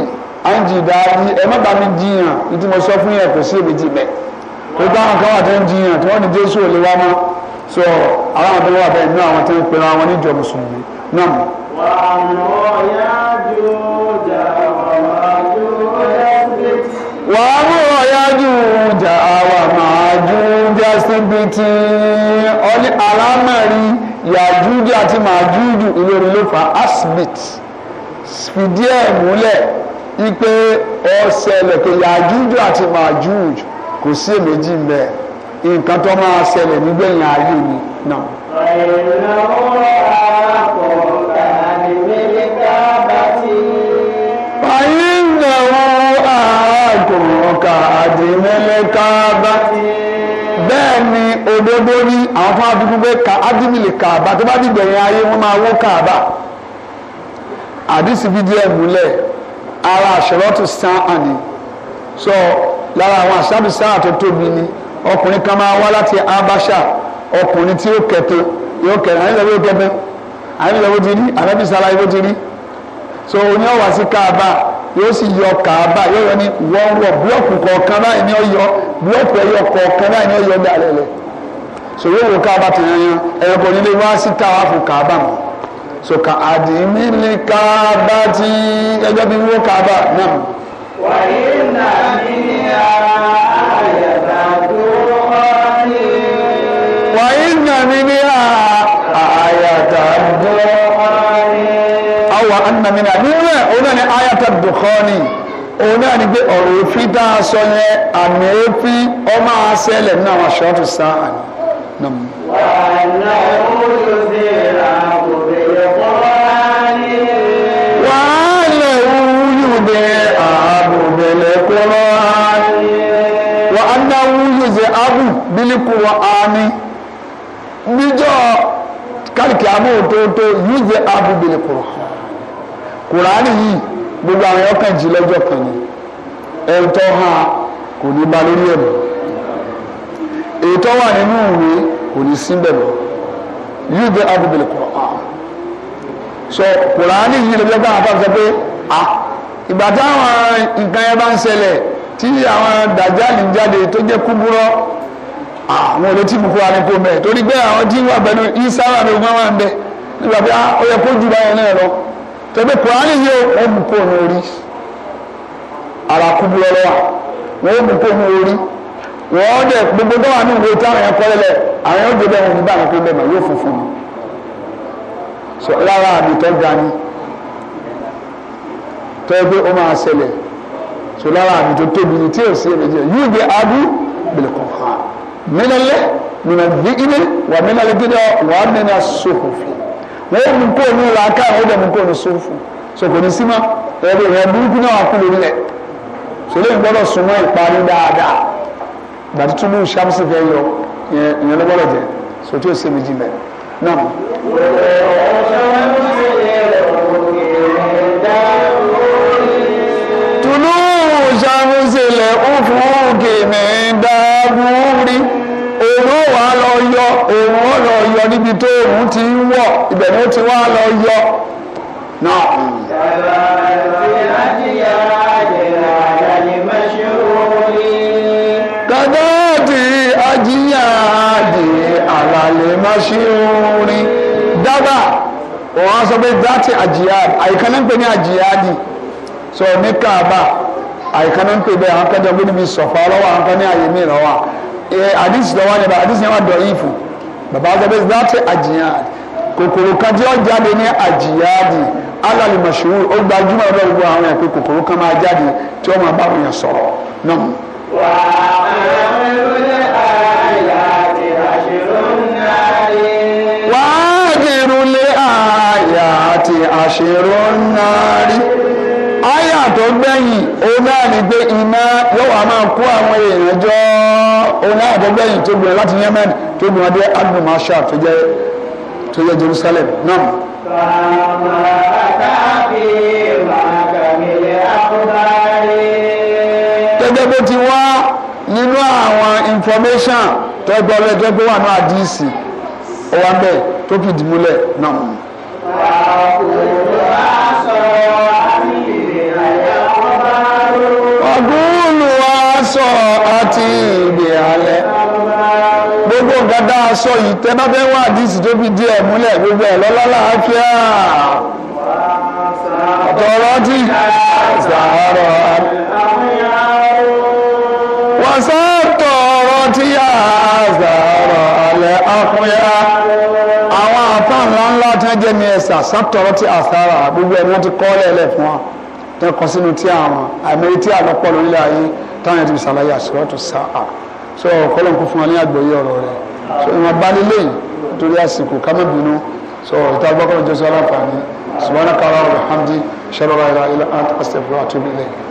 àjígbálí ẹ má bá mi jiyàn ní tí mo sọ fún yẹn kò sí èmi jì bẹ́ẹ̀ bá àwọn kan wà tó ń jiyàn tí wọ́n ní jésù ò lè wá mọ́ so àwọn àbúrò wà bẹ́ẹ̀ nínú àwọn tó ń pera wọn níjọ mùsùlùmí náà. wà á lọ yá jù jà wà máa jù jásíbítì. wà á lọ yá jù jà wà máa jù jásíbítì. ọ̀ní alámẹ̀rí yàjújù àti màjújù ló fa asbit fìdí ẹ̀ e múlẹ̀ ipe ọ̀sẹ̀ lẹ̀kẹ̀ yàjújù àti màjújù kò sí èméjì mbẹ nǹkan tó máa ṣẹlẹ̀ nígbẹ̀yìn ayé mi náà. kà àdìmẹ́lẹ́ ká bá bẹ́ẹ̀ ni òdodo ní àwọn fún abúlé pé ká ádìmìlì kàbá tó bá dìgbẹ̀yìn ayé wọn máa wó kàbá àdìsí fídíò ẹ̀ múlẹ̀ ara àṣọlọ́tù sàn àní sọ lára àwọn àṣàbí sáà tó tóbi ni ọkùnrin kan máa wá láti abáṣà ọkùnrin tí ó kẹtẹ yóò kẹtẹ àyìn lọ́wọ́ kẹtẹ àyìn lọ́wọ́ ti rí àbẹ́bí sára yóò ti rí so oní ọ̀wá sí káàbá yóò sì yọ kàába yóò yọ ní wọ́n wọ búlọ́ọ̀kù kọ̀ọ̀kan báyìí ni ó yọ búlọ́ọ̀kù ẹ̀yọ kọ̀ọ̀kan báyìí ni ó yọ dàrẹ́ lẹ̀ so yóò wọ kàába ti yan yan ẹ̀yọ kò nílé wá sí káwá fún kàába mọ́ so ka àdìmí ni kàába ti ẹjọ́ bí wọ́n kàába náà. wàyí nàbí ni àyàtà tó kọ́ ni. wàyí nàbí ni àyàtà tó kọ́ ni wa anamina nínú ẹ̀ òun náà ni ayata dukhani òun náà ni pé ọ̀rọ̀ òfin tá a sọ yẹn àmì òfin ọ máa ṣẹlẹ̀ nínú àwọn aṣọ́ọ̀tù sáà nà. wà á ná oṣù sí ìlànà òbẹ̀yẹ kọ́ránì. wà á lè wúyú bẹ àbùbẹ̀lẹ̀ kọ́ránì. wà á ná wúyú bẹ àbù bílíkù wà á ní. níjọ́ kárìkì àmọ́ òtótó yúzẹ̀ àbù bílíkù wà á kùránì yìí gbogbo àwọn èèyàn jí lọ́jọ́ kan ni ẹni tó hàn kò ní ba lórí ẹ̀ mọ́ èyí tó wà nínú ìwé kò ní sí mọ́ yóò bẹ abudulayi kọ̀ ọ́ so kùránì yìí lọ́jọ́ kan àfa sọ pé a ìgbà táwọn nǹkan yẹn bá ń ṣẹlẹ̀ tí àwọn dàjáàlì jáde tó jẹ́ kúburọ́ àwọn olótí mu kúránì kó mẹ́ torí pé àwọn tí wà bẹ́ẹ̀ ní sáwà ni ń bẹ́ẹ̀ nígbà pé ó yẹ kó jù báyẹn náà lọ tẹ̀gbẹ́ kùránì yìí wọ́n mú kó ní orí ara kúbu lọ́wọ́ wọ́n mú kó ní orí wọ́n dẹ̀ gbogbo dọ́wà ní ìwé tí àwọn yẹn kọ́ lẹ́lẹ̀ àwọn yóò débẹ̀ wọn nígbà wọn pé bẹ́ẹ̀ mọ̀ yóò funfun ni so lára àmì tó ga ni tọ́wọ́ pé ó máa ṣẹlẹ̀ so lára àmì tó tóbi ni tí ò sí èmi jẹ yóò gbé adú bìlẹ̀ kọ̀ ha nínú lẹ́ nínú bí ilé wà nínú alẹ́ gídé wà nínú asòfòfin wọ́n mú kó ní làákà wọ́n dẹ̀ mú kó ní sófù so kò ní sí mọ́ ẹ̀rọ ìrìn burúkú náà kú lórí rẹ̀ so lẹ́yìn gbọ́dọ̀ súnmọ́ ìparí dáadáa gbàtí túnú sàmùsì fẹ́ yọ ìyẹn ló gbọ́dọ̀ jẹ so tí ó ṣe méjì bẹ́ẹ̀ náà. túnú sàmùsì lẹ̀ ń fún òkè mẹ́ẹ̀ẹ́dá búrí òun ó wàá lọ yọ òun ó lọ yọ níbi tó òun ti ń wọ̀ ibẹ̀ ni ó ti wá lọ yọ náà. kàdáàdì ajíyàdì àlàlẹ̀ máa ṣe orin dábàá òun á sọ pé dátì àjíyàdì àyíká náà ń pè ní àjíyàdì sọ ní káàbà àyíká náà ń pè bẹ́ẹ̀ àwọn kan jẹ́ níbi sọ̀fà lọ́wọ́ àwọn kan ní àyè mí lọ́wọ́ àdìsí eh, lọ́wọ́ ni àdìsí yẹn wà dọ̀ ìfù bàbá àgbẹ̀ láti àjìyàn kòkòrò kan tí ó jáde ní àjìyáàdì alali mọ̀ṣúwù ó gbajúmọ̀ lọ́wọ́ gbogbo àwọn ẹ̀ pé kòkòrò kan máa jáde tí ó máa bá wọn yẹn sọ̀rọ̀ náà. wà á ẹ̀rọ àyà àti àṣírò náírì. wà á ẹ̀rọ àyà àti àṣírò náírì àyà tó gbẹ̀yìn òun náà ní pé iná yóò wá máa kó àwọn èèyàn jọ òun náà tó gbẹ̀yìn tó gbìyànjú láti Yemen tó gbìyànjú dé Abu Masha tó jẹ́ tó jẹ́ Jerusalem náà. bàbá àtàkì màkàmìlẹ̀ àkùbárì. gẹ́gẹ́ bó ti wá nínú àwọn information tó gbọ́ lẹ́jọ́ pé wà ní àdìsí ọ̀wá bẹ́ẹ̀ tó fìdí múlẹ̀ náà. wàá kúrò wá sọ̀rọ̀. àgúlù aṣọ àti ìgbè alẹ́ gbogbo nǹkan tá a yìí tẹ bá fẹ́ wá àdìsí tó fi díẹ̀ múlẹ̀ gbogbo ẹ̀ lọ́lá láàáfíà tọrọ tí sàárọ̀ wọ́n sá tọrọ tí a sàárọ̀ alẹ́ akúnyá àwọn àfáà ńláńlá tí jẹ́ ní ẹ̀sà sá tọrọ tí gbogbo ẹ̀ wọ́n ti kọ́ lẹ́lẹ̀ fún wa tó kọ sínú tí àwọn àìmọye tí àlọ́pọ̀ lórílẹ̀ ayé táwọn ẹ̀ ti ṣàlàyé àṣírọ́tò sáà so kọ́lọ́n kún fún wa ní àgbọ́yé ọ̀rọ̀ rẹ̀ so ìwọ̀n bá nílé torí àsìkò ká má bínú so ìta gbọ́kọ̀ jọ́sọ́ aláǹfààní subhanaka wa bihamdi shalala ila ila anta astaghfiruka wa atubu ilayk